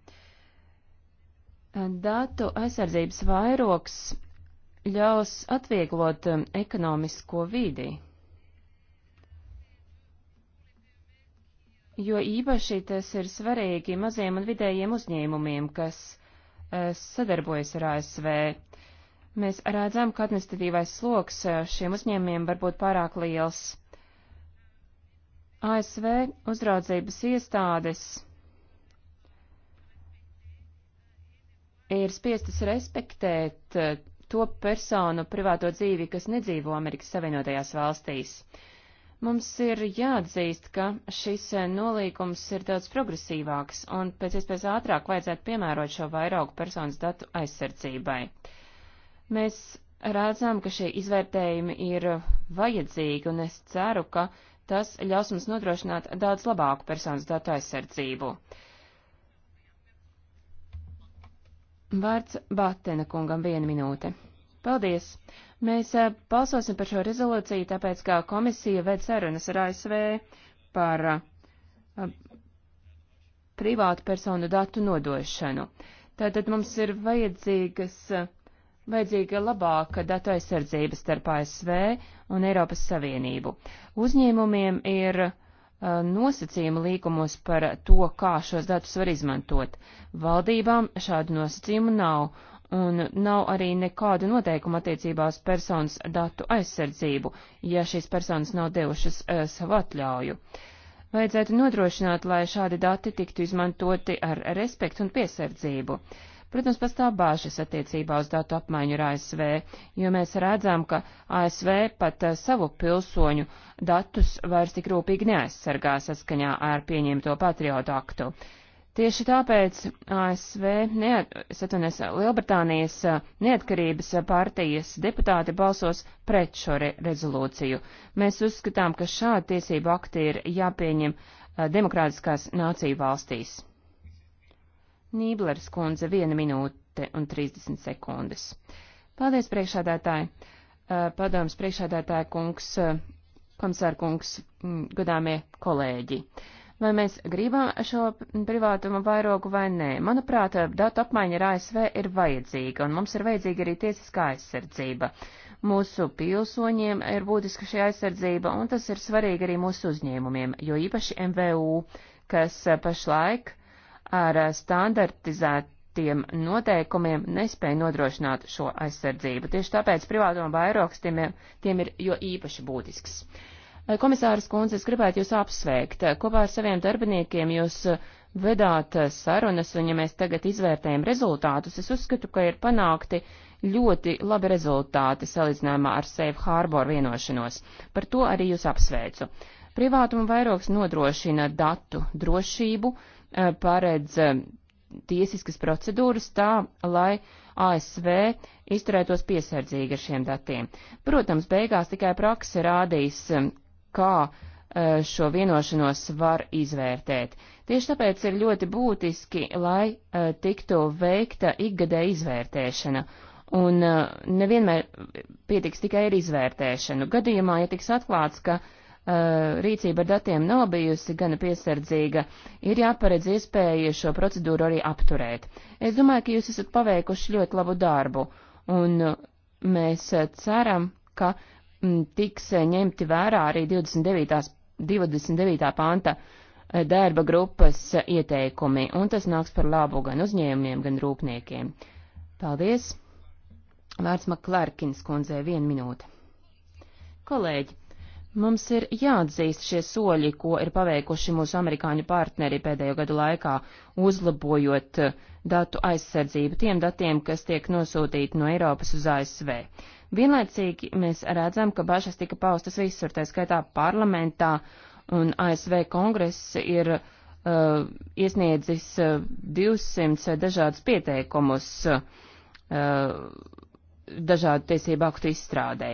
Datu aizsardzības vairoks ļaus atvieglot ekonomisko vidi, jo īpaši tas ir svarīgi maziem un vidējiem uzņēmumiem, kas uh, sadarbojas ar ASV. Mēs redzam, ka administratīvais sloks eh, šiem uzņēmumiem var būt pārāk liels. ASV uzraudzības iestādes ir spiestas respektēt eh, to personu privāto dzīvi, kas nedzīvo Amerikas Savienotajās valstīs. Uh, Mums ir jāatzīst, ka šis eh, nolīgums ir daudz progresīvāks un pēc iespējas ātrāk vajadzētu piemērot šo vairāku personas datu aizsardzībai. Mēs redzam, ka šie izvērtējumi ir vajadzīgi un es ceru, ka tas ļaus mums nodrošināt daudz labāku personas datu aizsardzību. Vārds Batena kungam viena minūte. Paldies! Mēs eh, balsosim par šo rezolūciju, tāpēc, kā komisija ved sarunas ar ASV par eh, privātu personu datu nodošanu. Tātad mums ir vajadzīgas, vajadzīga labāka datu aizsardzība starp ASV un Eiropas Savienību. Uzņēmumiem ir eh, nosacījumi līgumos par to, kā šos datus var izmantot. Valdībām šādu nosacījumu nav, un nav arī nekāda noteikuma attiecībās personas datu aizsardzību, ja šīs personas nav devušas e, savu atļauju. Vajadzētu nodrošināt, lai šādi dati tiktu izmantoti ar respektu un piesardzību. Protams, pastāv bāžas attiecībā uz datu apmaiņu ar ASV, jo mēs redzam, ka ASV pat e, savu pilsoņu datus vairs tik rūpīgi neaizsargā saskaņā ar pieņemto patriotu aktu. Tieši tāpēc ASV, neat, es atvainojos, Lielbritānijas neatkarības partijas deputāti balsos pret šo re rezolūciju. Mēs uzskatām, ka šādi tiesību akti ir jāpieņem demokrātiskās nāciju valstīs. Nīblers kundze, viena minūte un 30 sekundes. Paldies, priekšādātāji! Padoms priekšādātāja kungs, komisāra kungs, godāmie kolēģi! Uh, vai mēs gribam šo privātumu vairogu vai nē. Manuprāt, datu apmaiņa ar ASV ir vajadzīga, un mums ir vajadzīga arī tiesiskā aizsardzība. Mūsu pilsoņiem ir būtiska šī aizsardzība, un tas ir svarīgi arī mūsu uzņēmumiem, jo īpaši MVU, kas pašlaik ar standartizētu tiem noteikumiem nespēja nodrošināt šo aizsardzību. Tieši tāpēc privātuma vairāks tiem, tiem ir jo īpaši būtisks. Uh, Komisāras kundze, es gribētu jūs apsveikt. Kopā ar saviem darbiniekiem jūs vedāt sarunas, un ja mēs tagad izvērtējam rezultātus, es uzskatu, ka ir panākti ļoti labi rezultāti salīdzinājumā ar Safe Harbor vienošanos. Par to arī jūs apsveicu. Privātuma vairogs nodrošina datu drošību, eh, paredz eh, tiesiskas procedūras tā, lai ASV izturētos piesardzīgi ar šiem datiem. Protams, beigās tikai prakse rādīs, eh, kā e, šo vienošanos var izvērtēt. Tieši tāpēc ir ļoti būtiski, lai e, tiktu veikta ikgadē izvērtēšana. Un e, nevienmēr pietiks tikai ar izvērtēšanu. Gadījumā, ja tiks atklāts, ka rīcība ar datiem nav bijusi gana piesardzīga, ir jāparedz iespēja šo procedūru arī apturēt. Es domāju, ka jūs esat paveikuši ļoti labu darbu, un mēs ceram, ka tiks eh, ņemti vērā arī 29. 29. panta eh, darba grupas eh, ieteikumi, un tas nāks par labu gan uzņēmumiem, gan rūpniekiem. Paldies! Vārds Maklārkins kundzē, viena minūte. Kolēģi, Mums ir jāatzīst šie soļi, ko ir paveikuši mūsu amerikāņu partneri pēdējo gadu laikā, uzlabojot eh, datu aizsardzību tiem datiem, kas tiek nosūtīti no Eiropas uz ASV. Vienlaicīgi mēs redzam, ka bažas tika paustas visur, tā skaitā parlamentā, un ASV kongress ir uh, iesniedzis uh, eh, 200 dažādus pieteikumus. Uh, dažādu tiesību aktu izstrādē.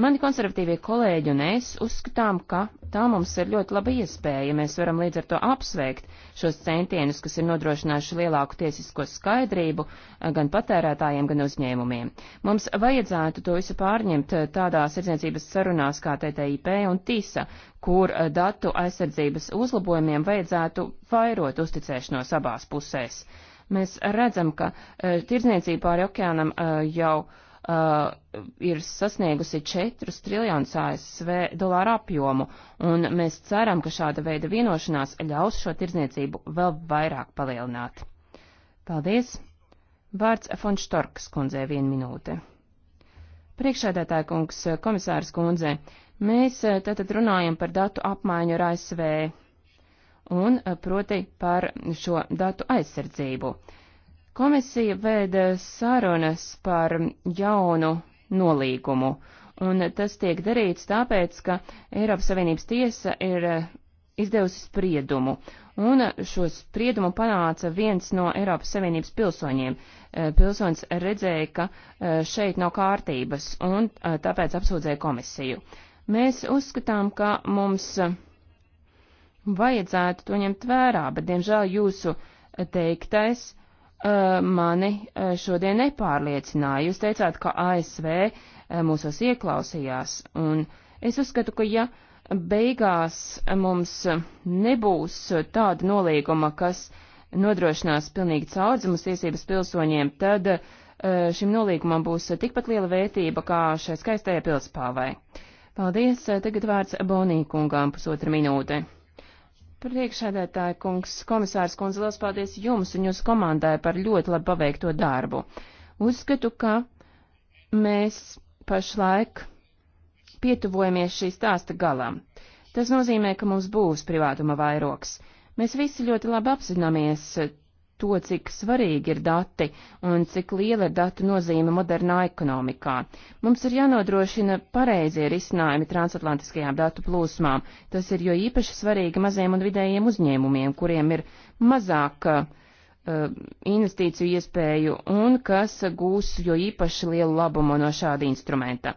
Mani konservatīvie kolēģi un es uzskatām, ka tā mums ir ļoti laba iespēja, ja mēs varam līdz ar to apsveikt šos centienus, kas ir nodrošinājuši lielāku tiesisko skaidrību eh, gan patērētājiem, gan uzņēmumiem. Mums vajadzētu to visu pārņemt eh, tādās sirdzniecības sarunās kā TTIP un TISA, kur eh, datu aizsardzības uzlabojumiem vajadzētu vairot uzticēšanos abās pusēs. Mēs redzam, ka e, tirdzniecība pāri okeānam e, jau uh, ir sasniegusi 4 triljonus ASV dolāru apjomu, un mēs ceram, ka šāda veida vienošanās ļaus šo tirdzniecību vēl vairāk palielināt. Paldies! Vārds Fon Štorkas kundzē vien minūte. Priekšēdētāja kungs, komisārs kundze, mēs uh, tātad runājam par datu apmaiņu ar ASV un uh, proti par šo datu aizsardzību. Uh, Komisija veida sarunas par jaunu nolīgumu, un tas tiek darīts tāpēc, ka Eiropas Savienības tiesa ir izdevusi spriedumu, un šo spriedumu panāca viens no Eiropas Savienības pilsoņiem. Eh, pilsonis redzēja, ka eh, šeit nav kārtības, un eh, tāpēc apsūdzēja komisiju. Mēs uzskatām, ka mums vajadzētu to ņemt vērā, bet, diemžēl, jūsu teiktais Uh, mani uh, šodien nepārliecināja. Jūs teicāt, ka ASV uh, mūsos ieklausījās, un es uzskatu, ka ja beigās mums nebūs tāda nolīguma, kas nodrošinās pilnīgi caurdzumus tiesības pilsoņiem, tad šim nolīgumam būs tikpat liela vērtība kā šai skaistajai pilspāvai. Paldies, tagad vārds Bonī kungām pusotra minūte. Priekšsēdētāja kungs, komisārs kundze, liels paldies jums un jūsu komandai par ļoti labi paveikto darbu. Uzskatu, ka mēs pašlaik pietuvojamies šī stāsta galam. Tas nozīmē, ka mums būs privātuma vairoks. Mēs visi ļoti labi apzināmies to, cik svarīgi ir dati un cik liela ir datu nozīme modernā ekonomikā. Mums ir jānodrošina pareizie risinājumi transatlantiskajām datu plūsmām. Tas ir jo īpaši svarīgi maziem un vidējiem uzņēmumiem, kuriem ir mazāk uh, investīciju iespēju un kas gūs jo īpaši lielu labumu no šāda instrumenta.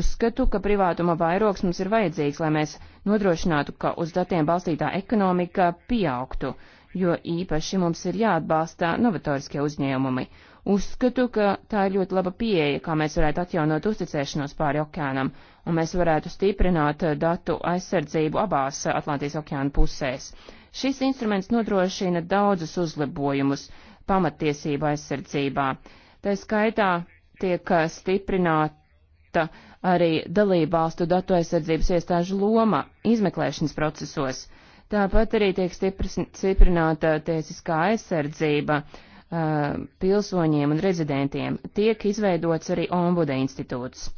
Uzskatu, ka privātuma vairoks mums ir vajadzīgs, lai mēs nodrošinātu, ka uz datiem balstītā ekonomika pieaugtu jo īpaši mums ir jāatbalsta novatoriskie uzņēmumi. Uzskatu, ka tā ir ļoti laba pieeja, kā mēs varētu atjaunot uzticēšanos pāri okeānam, un mēs varētu stiprināt datu aizsardzību abās Atlantijas okeāna pusēs. Šis instruments nodrošina daudzus uzlabojumus pamatiesību aizsardzībā. Tā skaitā tiek stiprināta arī dalībvalstu datu aizsardzības iestāžu loma izmeklēšanas procesos. Tāpat arī tiek stiprināta tiesiskā aizsardzība uh, pilsoņiem un rezidentiem. Tiek izveidots arī ombuda institūts.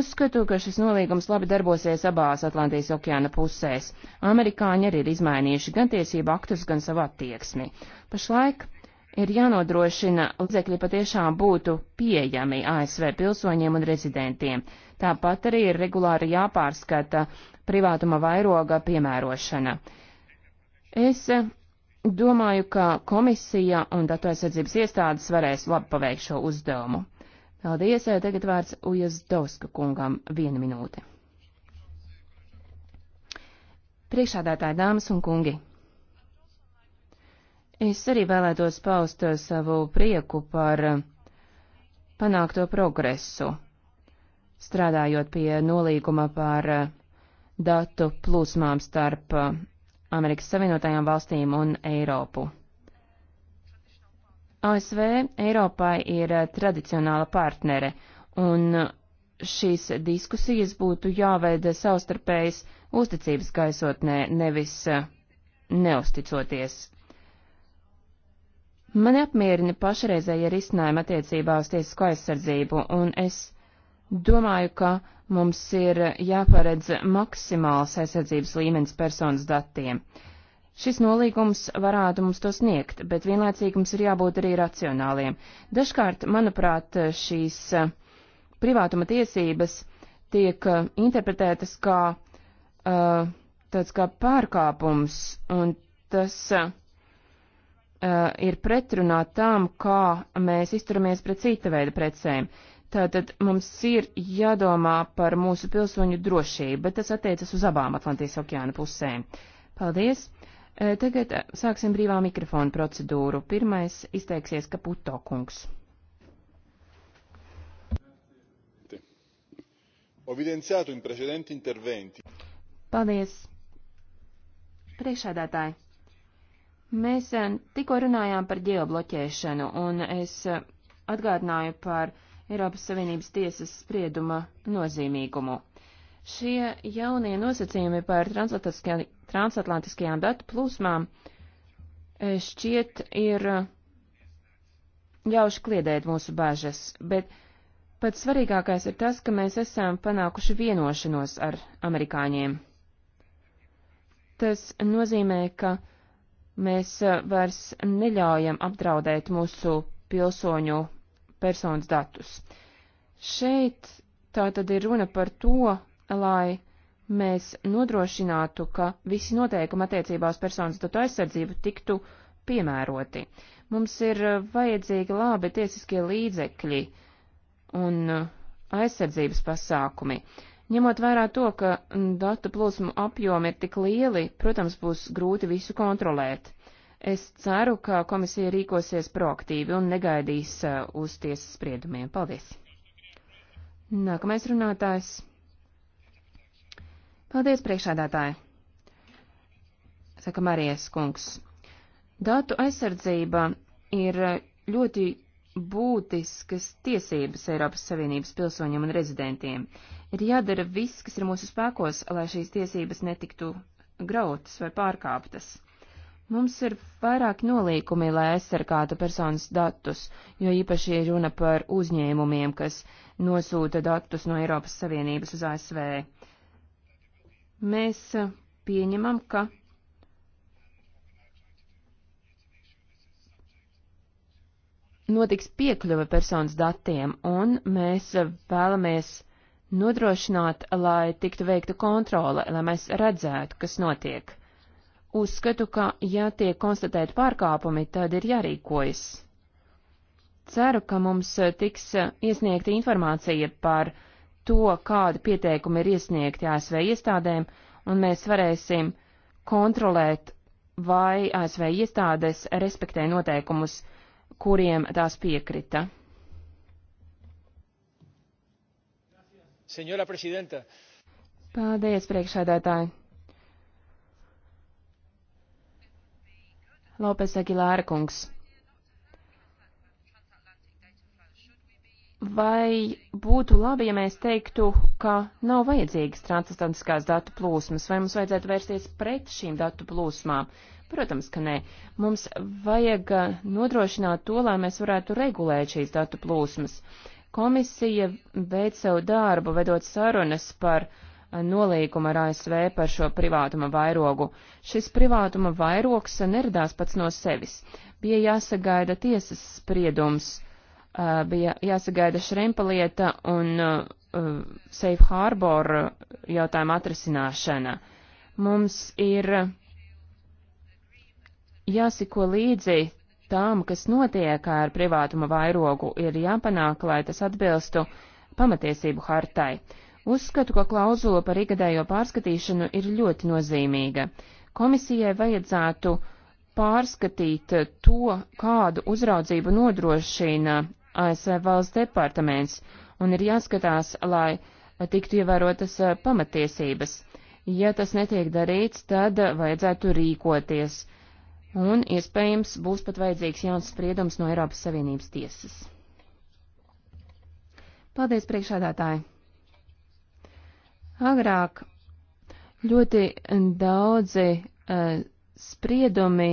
Uzskatu, ka šis nolīgums labi darbosies abās Atlantijas okeāna pusēs. Amerikāņi arī ir izmainījuši gan tiesību aktus, gan savu attieksmi. Pašlaik ir jānodrošina līdzekļi patiešām būtu pieejami ASV pilsoņiem un rezidentiem. Tāpat arī ir regulāri jāpārskata privātuma vairoga piemērošana. Es eh, domāju, ka komisija un datu aizsardzības iestādes varēs labi paveikt šo uzdevumu. Paldies, eh, tagad vārds Ujas Dauska kungam viena minūte. Priekšādātāji dāmas un kungi! Es arī vēlētos paust eh, savu prieku par eh, panākto progresu, strādājot pie nolīguma par eh, datu plūsmām starp Amerikas Savienotajām valstīm un Eiropu. ASV Eiropai ir tradicionāla partnere, un šīs diskusijas būtu jāveida savstarpējas uzticības gaisotnē, nevis neusticoties Mani apmierina pašreizēja risinājuma attiecībā uz tiesisko aizsardzību, un es domāju, ka mums ir jāparedz maksimāls aizsardzības līmenis personas datiem. Šis nolīgums varētu mums to sniegt, bet vienlaicīgi mums ir jābūt arī racionāliem. Dažkārt, manuprāt, šīs eh, privātuma tiesības tiek eh, interpretētas kā uh, tāds kā pārkāpums, un tas uh, Uh, ir pretrunā tam, kā mēs izturamies pret cita veida precēm. Tātad mums ir jādomā par mūsu pilsoņu drošību, bet tas attiecas uz abām Atlantijas okeāna pusēm. Paldies! Uh, tagad sāksim brīvā mikrofona procedūru. Pirmais izteiksies Kaputo kungs. Paldies! Priekšādātāji! Mēs eh, tikko runājām par ģeobloķēšanu, un es eh, atgādināju par Eiropas Savienības tiesas sprieduma nozīmīgumu. Šie jaunie nosacījumi par transatlantiskajām datu plūsmām eh, šķiet ir ļauši kliedēt mūsu bažas, bet pats svarīgākais ir tas, ka mēs esam panākuši vienošanos ar amerikāņiem. Tas nozīmē, ka Mēs eh, vairs neļaujam apdraudēt mūsu pilsoņu personas datus. Šeit tā tad ir runa par to, lai mēs nodrošinātu, ka visi noteikumi attiecībā uz personas datu aizsardzību tiktu piemēroti. Mums ir eh, vajadzīgi labi tiesiskie līdzekļi un eh, aizsardzības pasākumi. Ņemot vērā to, ka mm, datu plūsmu apjomi ir tik lieli, protams, būs grūti visu kontrolēt. Es ceru, ka komisija rīkosies proaktīvi un negaidīs uh, uz tiesas spriedumiem. Paldies! Nākamais runātājs. Paldies, priekšādātāji! Saka Marijas kungs. Datu aizsardzība ir uh, ļoti būtiskas tiesības Eiropas Savienības pilsoņiem un rezidentiem. Ir jādara viss, kas ir mūsu spēkos, lai šīs tiesības netiktu grautas vai pārkāptas. Mums ir vairāki nolīkumi, lai aizsargātu personas datus, jo īpaši ir runa par uzņēmumiem, kas nosūta datus no Eiropas Savienības uz ASV. Mēs eh, pieņemam, ka notiks piekļuve personas datiem, un mēs eh, vēlamies nodrošināt, lai tiktu veikta kontrole, lai mēs redzētu, kas notiek. Uzskatu, ka, ja tiek konstatēti pārkāpumi, tad ir jārīkojas. Ceru, ka mums tiks iesniegta informācija par to, kādi pieteikumi ir iesniegti ASV iestādēm, un mēs varēsim kontrolēt, vai ASV iestādes respektē noteikumus, kuriem tās piekrita. Senjora prezidenta. Paldies, priekšādātāji. Lopes Agilāra kungs. Vai būtu labi, ja mēs teiktu, ka nav vajadzīgas transatlantiskās datu plūsmas, vai mums vajadzētu vērsties pret šīm datu plūsmām? Protams, ka nē. Mums vajag nodrošināt to, lai mēs varētu regulēt šīs datu plūsmas. Uh, Komisija veic savu darbu, vedot sarunas par eh, nolīgumu ar ASV par šo privātuma vairogu. Šis privātuma vairogs neradās pats no sevis. Bija jāsagaida tiesas spriedums, eh, bija jāsagaida šrimpa lieta un eh, safe harbor jautājuma atrisināšana. Mums ir jāsiko līdzi tam, kas notiek ar privātuma vairogu, ir jāpanāk, lai tas atbilstu pamatiesību hartai. Uzskatu, ka klauzula par ikgadējo pārskatīšanu ir ļoti nozīmīga. Komisijai vajadzētu pārskatīt to, kādu uzraudzību nodrošina ASV valsts departaments, un ir jāskatās, lai tiktu ievērotas pamatiesības. Ja tas netiek darīts, tad vajadzētu rīkoties un iespējams būs pat vajadzīgs jauns spriedums no Eiropas Savienības tiesas. Paldies, priekšādātāji! Agrāk ļoti daudzi uh, spriedumi,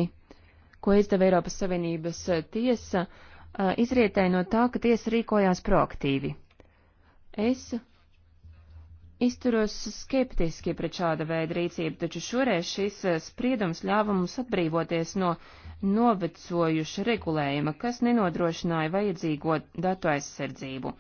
ko izdeva Eiropas Savienības eh, tiesa, uh, izrietēja no tā, ka tiesa rīkojās proaktīvi. Es izturos skeptiski pret šāda veida rīcību, taču šoreiz šis eh, spriedums ļāva mums atbrīvoties no novecojuša regulējuma, kas nenodrošināja vajadzīgo datu aizsardzību.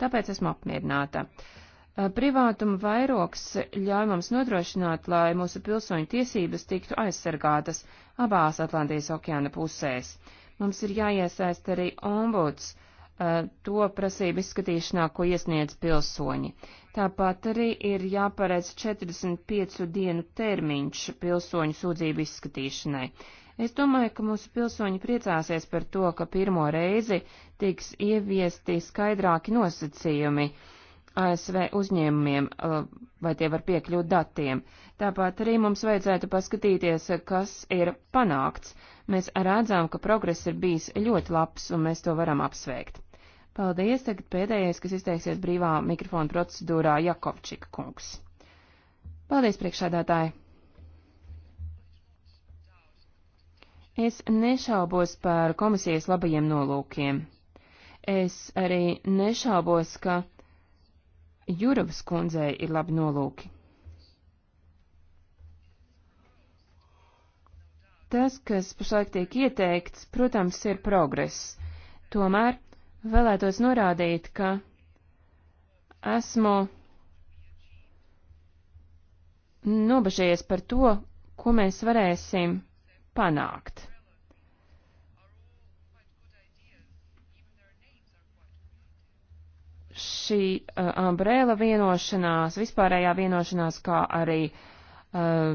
Tāpēc esmu apmierināta. Eh, privātuma vairoks ļauj mums nodrošināt, lai mūsu pilsoņu tiesības tiktu aizsargātas abās Atlantijas okeāna pusēs. Mums ir jāiesaist arī ombuds Uh, to prasību izskatīšanā, ko iesniedz pilsoņi. Tāpat arī ir jāparedz 45 dienu termiņš pilsoņu sūdzību izskatīšanai. Es domāju, ka mūsu pilsoņi priecāsies par to, ka pirmo reizi tiks ieviesti skaidrāki nosacījumi ASV uzņēmumiem, uh, vai tie var piekļūt datiem. Tāpat arī mums vajadzētu paskatīties, kas ir panākts. Mēs redzam, ka progress ir bijis ļoti labs, un mēs to varam apsveikt. Paldies, tagad pēdējais, kas izteiksies brīvā mikrofona procedūrā, Jakovčika kungs. Paldies, priekšādātāji! Es nešaubos par komisijas labajiem nolūkiem. Es arī nešaubos, ka Juravas kundzei ir labi nolūki. Tas, kas pašlaik tiek ieteikts, protams, ir progress. Tomēr vēlētos norādīt, ka esmu nobežies par to, ko mēs varēsim panākt. Šī uh, ambrēla vienošanās, vispārējā vienošanās, kā arī uh,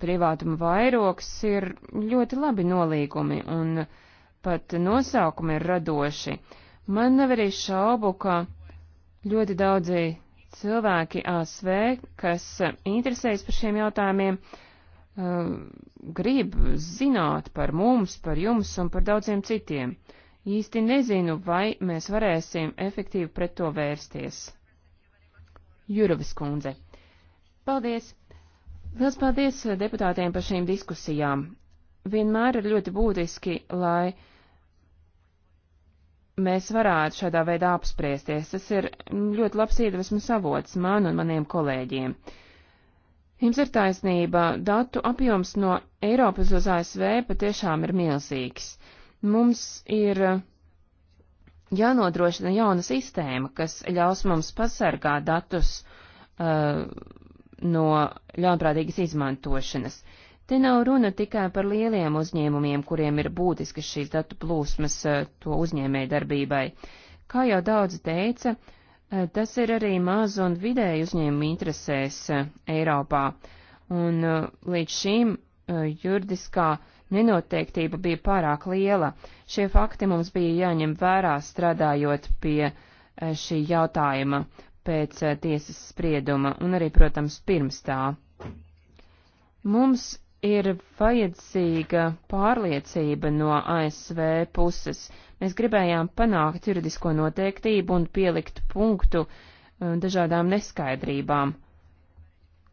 privātuma vairoks ir ļoti labi nolīgumi un pat nosaukumi ir radoši. Uh, Man nav arī šaubu, ka ļoti daudzi cilvēki ASV, kas interesējas par šiem jautājumiem, um, grib zināt par mums, par jums un par daudziem citiem. Īsti nezinu, vai mēs varēsim efektīvi pret to vērsties. Jurovas kundze. Paldies! Liels paldies eh, deputātiem par šīm diskusijām. Vienmēr ir ļoti būtiski, lai mēs varētu šādā veidā apspriesties. Tas ir ļoti labs iedvesmas avots man un maniem kolēģiem. Jums ir taisnība, datu apjoms no Eiropas uz ASV patiešām ir milzīgs. Mums ir jānodrošina jauna sistēma, kas ļaus mums pasargāt datus uh, no ļaunprātīgas izmantošanas. Uh, Te nav runa tikai par lieliem uzņēmumiem, kuriem ir būtiskas šīs datu plūsmas eh, to uzņēmēju darbībai. Kā jau daudzi teica, eh, tas ir arī mazu un vidēju uzņēmumu interesēs eh, Eiropā, un līdz šim juridiskā nenoteiktība bija pārāk liela. Šie fakti mums bija jāņem vērā strādājot pie šī jautājuma pēc tiesas sprieduma un arī, protams, pirms tā. Mums ir vajadzīga pārliecība no ASV puses. Mēs gribējām panākt juridisko noteiktību un pielikt punktu uh, dažādām neskaidrībām,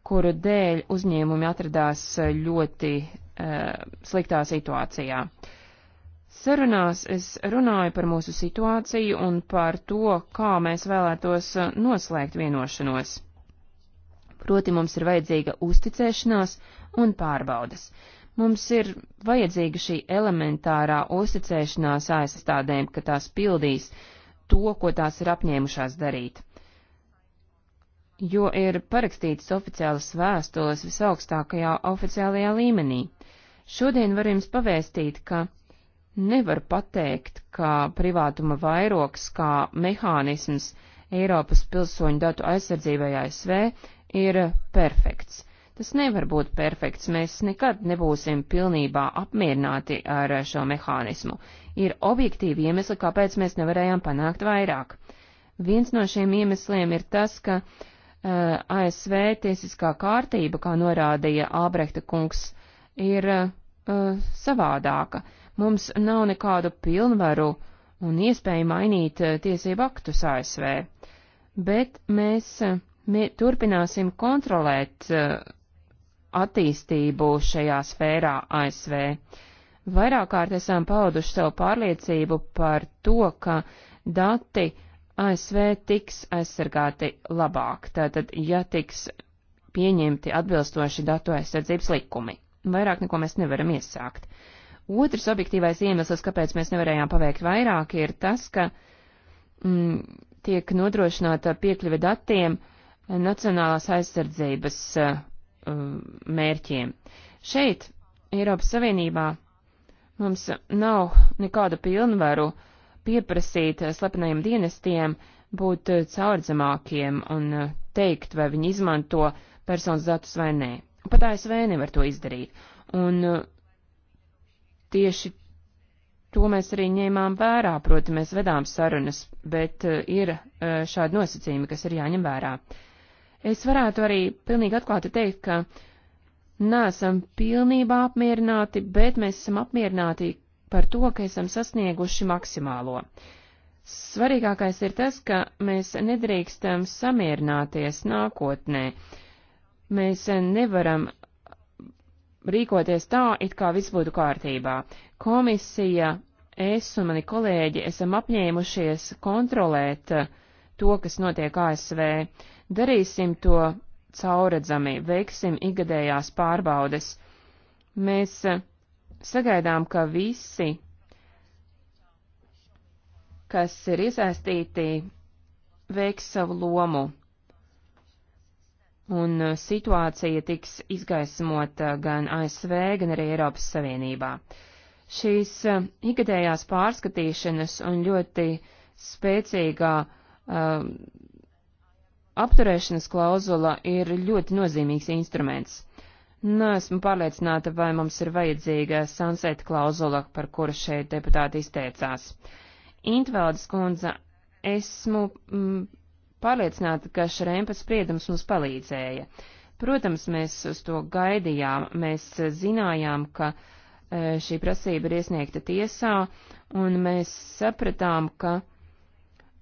kuru dēļ uzņēmumi atradās uh, ļoti e, sliktā situācijā. Sarunās es runāju par mūsu situāciju un par to, kā mēs vēlētos noslēgt vienošanos. Proti mums ir vajadzīga uzticēšanās un pārbaudas. Mums ir vajadzīga šī elementārā uzticēšanās aizstādēm, ka tās pildīs to, ko tās ir apņēmušās darīt. Jo ir parakstītas oficiālas vēstules visaugstākajā oficiālajā līmenī. Šodien var jums pavēstīt, ka nevar pateikt, ka privātuma vairoks kā mehānisms Eiropas pilsoņu datu aizsardzībai ASV ir perfekts. Tas nevar būt perfekts, mēs nekad nebūsim pilnībā apmierināti ar šo mehānismu. Ir objektīvi iemesli, kāpēc mēs nevarējām panākt vairāk. Viens no šiem iemesliem ir tas, ka uh, eh, ASV tiesiskā kārtība, kā norādīja Ābrehta kungs, ir uh, savādāka. Mums nav nekādu pilnvaru un iespēju mainīt eh, tiesību aktus ASV, bet mēs Mē, turpināsim kontrolēt uh, attīstību šajā sfērā ASV. Vairāk kārt esam pauduši savu pārliecību par to, ka dati ASV tiks aizsargāti labāk, tātad, ja tiks pieņemti atbilstoši datu aizsardzības likumi. Vairāk neko mēs nevaram iesākt. Otrs objektīvais iemesls, kāpēc mēs nevarējām paveikt vairāk, ir tas, ka mm, tiek nodrošināta piekļuve datiem uh, nacionālās aizsardzības uh, mērķiem. Šeit, Eiropas Savienībā, mums nav nekādu pilnvaru pieprasīt slepenajiem dienestiem būt uh, caurdzamākiem un uh, teikt, vai viņi izmanto personas datus vai nē. Pat ASV nevar to izdarīt. Un uh, tieši to mēs arī ņēmām vērā, proti mēs vedām sarunas, bet ir šādi nosacījumi, kas ir jāņem vērā. Uh, Es varētu arī pilnīgi atklāti teikt, ka neesam pilnībā apmierināti, bet mēs esam apmierināti par to, ka esam sasnieguši maksimālo. Svarīgākais ir tas, ka mēs nedrīkstam samierināties nākotnē. Mēs nevaram rīkoties tā, it kā viss būtu kārtībā. Komisija, es un mani kolēģi esam apņēmušies kontrolēt to, kas notiek ASV. Darīsim to cauredzami, veiksim igadējās pārbaudes. Mēs eh, sagaidām, ka visi, kas ir iesaistīti, veiks savu lomu, un eh, situācija tiks izgaismota gan ASV, gan arī Eiropas Savienībā. Šīs eh, ikgadējās pārskatīšanas un ļoti spēcīgā uh, Apturēšanas klauzula ir ļoti nozīmīgs instruments. Nesmu pārliecināta, vai mums ir vajadzīga sansēta klauzula, par kuru šeit deputāti izteicās. Intvaldes kundze, esmu mm, pārliecināta, ka Šrempas spriedums mums palīdzēja. Protams, mēs uz to gaidījām, mēs zinājām, ka e, šī prasība ir iesniegta tiesā, un mēs sapratām, ka uh,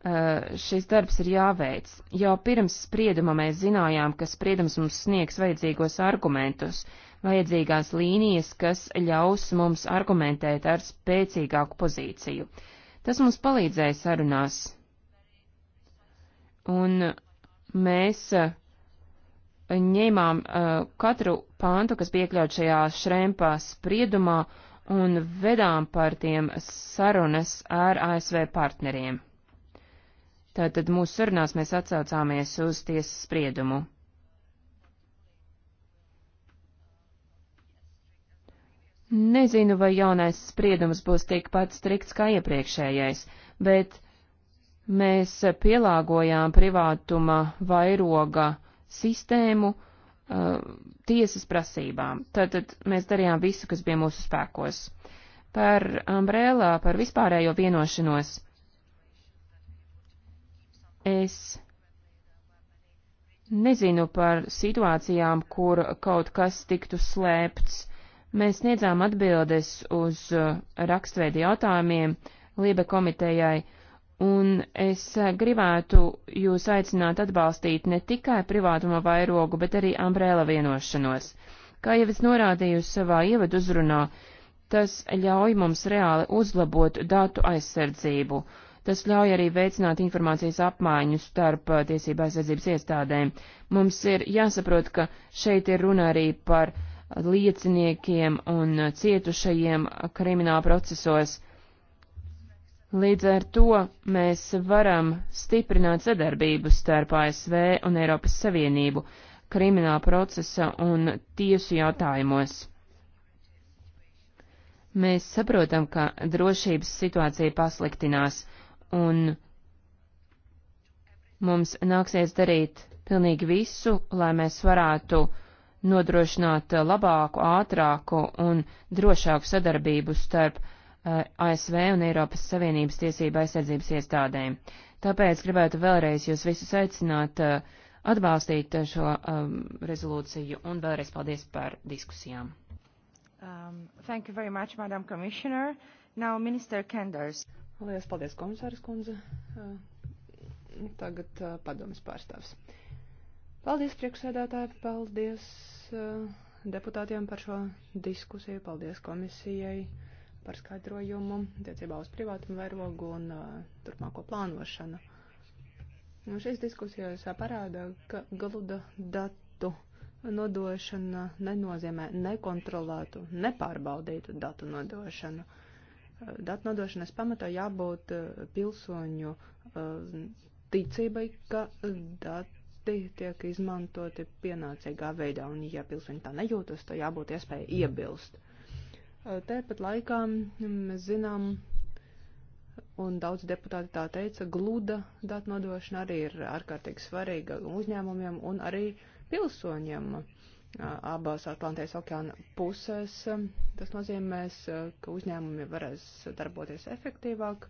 Eh, šis darbs ir jāveic. Jau pirms sprieduma mēs zinājām, ka spriedums mums sniegs vajadzīgos argumentus, vajadzīgās līnijas, kas ļaus mums argumentēt ar spēcīgāku pozīciju. Tas mums palīdzēja sarunās. Un mēs eh, ņēmām eh, katru pāntu, kas bija iekļauts šajā šrempā spriedumā, un vedām par tiem sarunas ar ASV partneriem. Tātad mūsu sarunās mēs atsaucāmies uz tiesas spriedumu. Nezinu, vai jaunais spriedums būs tikpat strikts kā iepriekšējais, bet mēs pielāgojām privātuma vairoga sistēmu uh, tiesas prasībām. Tātad mēs darījām visu, kas bija mūsu spēkos. Par umbrēlā, par vispārējo vienošanos. Uh, Es nezinu par situācijām, kur kaut kas tiktu slēpts. Mēs sniedzām atbildes uz uh, rakstveidu jautājumiem Liebe komitejai, un es uh, gribētu jūs aicināt atbalstīt ne tikai privātuma vairogu, bet arī ambrēla vienošanos. Kā jau es norādīju savā ievadu uzrunā, tas ļauj mums reāli uzlabot datu aizsardzību Tas ļauj arī veicināt informācijas apmaiņu starp uh, tiesībā aizsardzības iestādēm. Mums ir jāsaprot, ka šeit ir runa arī par uh, lieciniekiem un uh, cietušajiem krimināla procesos. Līdz ar to mēs varam stiprināt sadarbību starp ASV un Eiropas Savienību krimināla procesa un tiesu jautājumos. Mēs saprotam, ka drošības situācija pasliktinās, un mums nāksies darīt pilnīgi visu, lai mēs varētu nodrošināt labāku, ātrāku un drošāku sadarbību starp eh, ASV un Eiropas Savienības tiesība aizsardzības iestādēm. Tāpēc gribētu vēlreiz jūs visus aicināt eh, atbalstīt šo um, rezolūciju un vēlreiz paldies par diskusijām. Um, thank you very much, Madam Commissioner. Now, Minister Kenders. Lielas paldies, komisāras kundze. Uh, tagad uh, padomas pārstāvs. Paldies, priekšsēdētāji, paldies uh, deputātiem par šo diskusiju, paldies komisijai par skaidrojumu attiecībā uz privātumu vērogu un turpmāko plānošanu. Nu, šīs diskusijas parāda, ka galuda datu nodošana nenozīmē nekontrolētu, nepārbaudītu datu nodošanu. Uh, datu nodošanas pamatā jābūt eh, pilsoņu eh, ticībai, ka eh, dati tiek izmantoti pienācīgā veidā, un ja pilsoņi tā nejūtas, tad jābūt iespēja iebilst. Tāpat laikā mm, mēs zinām, un daudz deputāti tā teica, gluda datu nodošana arī ir ārkārtīgi svarīga uzņēmumiem un arī pilsoņiem abās Atlantijas okeāna pusēs. Tas nozīmēs, ka uzņēmumi varēs darboties efektīvāk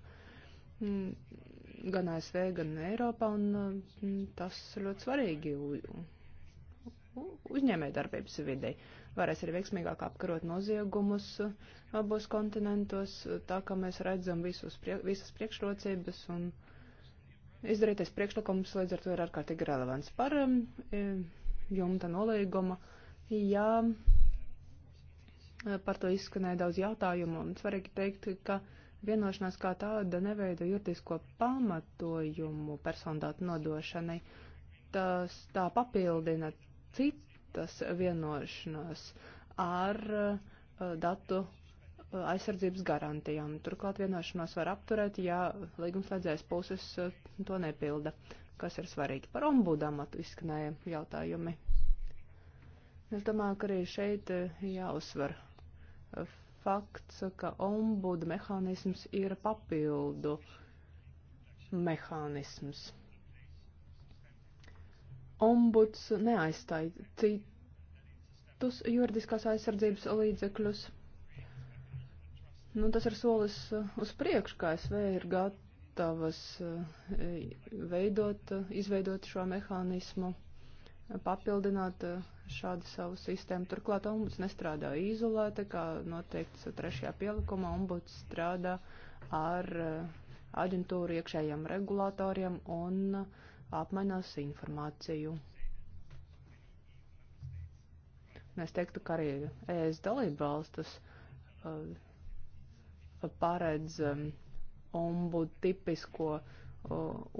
gan ASV, gan Eiropā, un tas ļoti svarīgi uzņēmē darbības videi. Varēs arī veiksmīgāk apkarot noziegumus abos kontinentos, tā kā mēs redzam visus, prie, visas priekšrocības un izdarītais priekšlikums līdz ar to ir ārkārtīgi relevants par. Um, jumta nolīguma. Jā, eh, par to izskanēja daudz jautājumu, un svarīgi teikt, ka vienošanās kā tāda neveida juridisko pamatojumu personātu nodošanai. Tas tā papildina citas vienošanās ar eh, datu eh, aizsardzības garantijām. Turklāt vienošanos var apturēt, ja līgumslēdzējas puses to nepilda. Uh, kas ir svarīgi. Par ombudu amatu izskanēja jautājumi. Es domāju, ka arī šeit eh, jāuzsver eh, fakts, ka ombuda mehānisms ir papildu mehānisms. Ombuds neaizstāja citus juridiskās aizsardzības līdzekļus. Nu, tas ir solis eh, uz priekšu, kā SV ir gat gatavas eh, veidot, izveidot šo mehānismu, papildināt eh, šādu savu sistēmu. Turklāt ombuds nestrādā izolēti, kā noteikts trešajā pielikumā, ombuds strādā ar eh, aģentūru iekšējiem regulātoriem un apmainās informāciju. Es teiktu, ka arī ES dalībvalstas uh, paredz um, ombu tipisko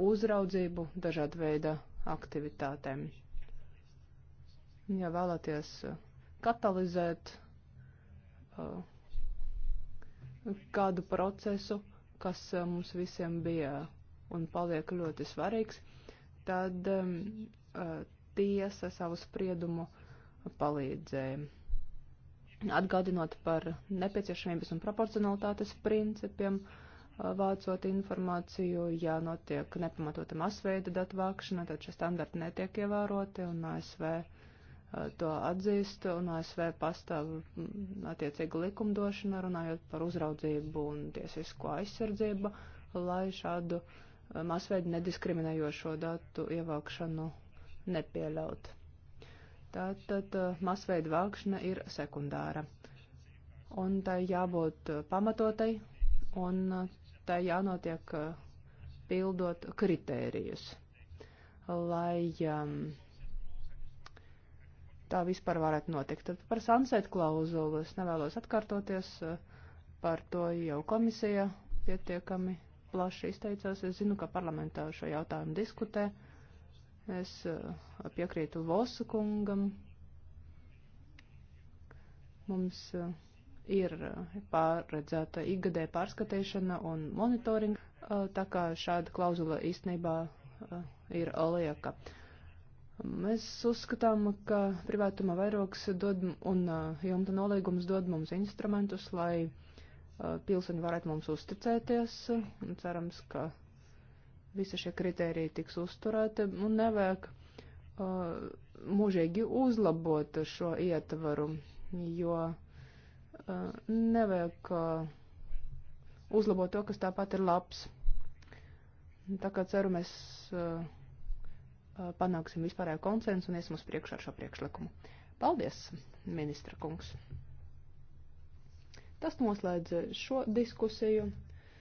uzraudzību dažāda veida aktivitātēm. Ja vēlaties katalizēt kādu procesu, kas mums visiem bija un paliek ļoti svarīgs, tad tiesa savu spriedumu palīdzēja. Atgādinot par nepieciešamības un proporcionalitātes principiem, uh, vācot informāciju, ja notiek nepamatota masveida datu vākšana, tad šie standarti netiek ievēroti un ASV to atzīst, un ASV pastāv mm, attiecīga likumdošana, runājot par uzraudzību un tiesisko aizsardzību, lai šādu masveidu nediskriminējošo datu ievākšanu nepieļaut. Tātad masveida vākšana ir sekundāra, un tai jābūt pamatotai, un tā jānotiek uh, pildot kritērijus, lai um, tā vispār varētu notikt. Tad par sunset klauzulu es nevēlos atkārtoties, uh, par to jau komisija pietiekami plaši izteicās. Es zinu, ka parlamentā šo jautājumu diskutē. Es uh, piekrītu Vosu kungam. Mums uh, ir eh, pārredzēta ikgadē pārskatīšana un monitoringa, eh, tā kā šāda klauzula īstenībā eh, ir lieka. Mēs uzskatām, ka privātuma vairogs dod un jumta nolīgums dod mums instrumentus, lai pilsoņi varētu mums uzticēties. Cerams, ka visi šie kriteriji tiks uzturēti un nevajag mūžīgi uzlabot šo ietvaru, jo Eh, nevajag eh, uzlabot to, kas tāpat ir labs. Tā kā ceru, mēs eh, panāksim vispārēju konsensu un iesim uz priekšu ar šo priekšlikumu. Paldies, ministra kungs! Tas noslēdz šo diskusiju.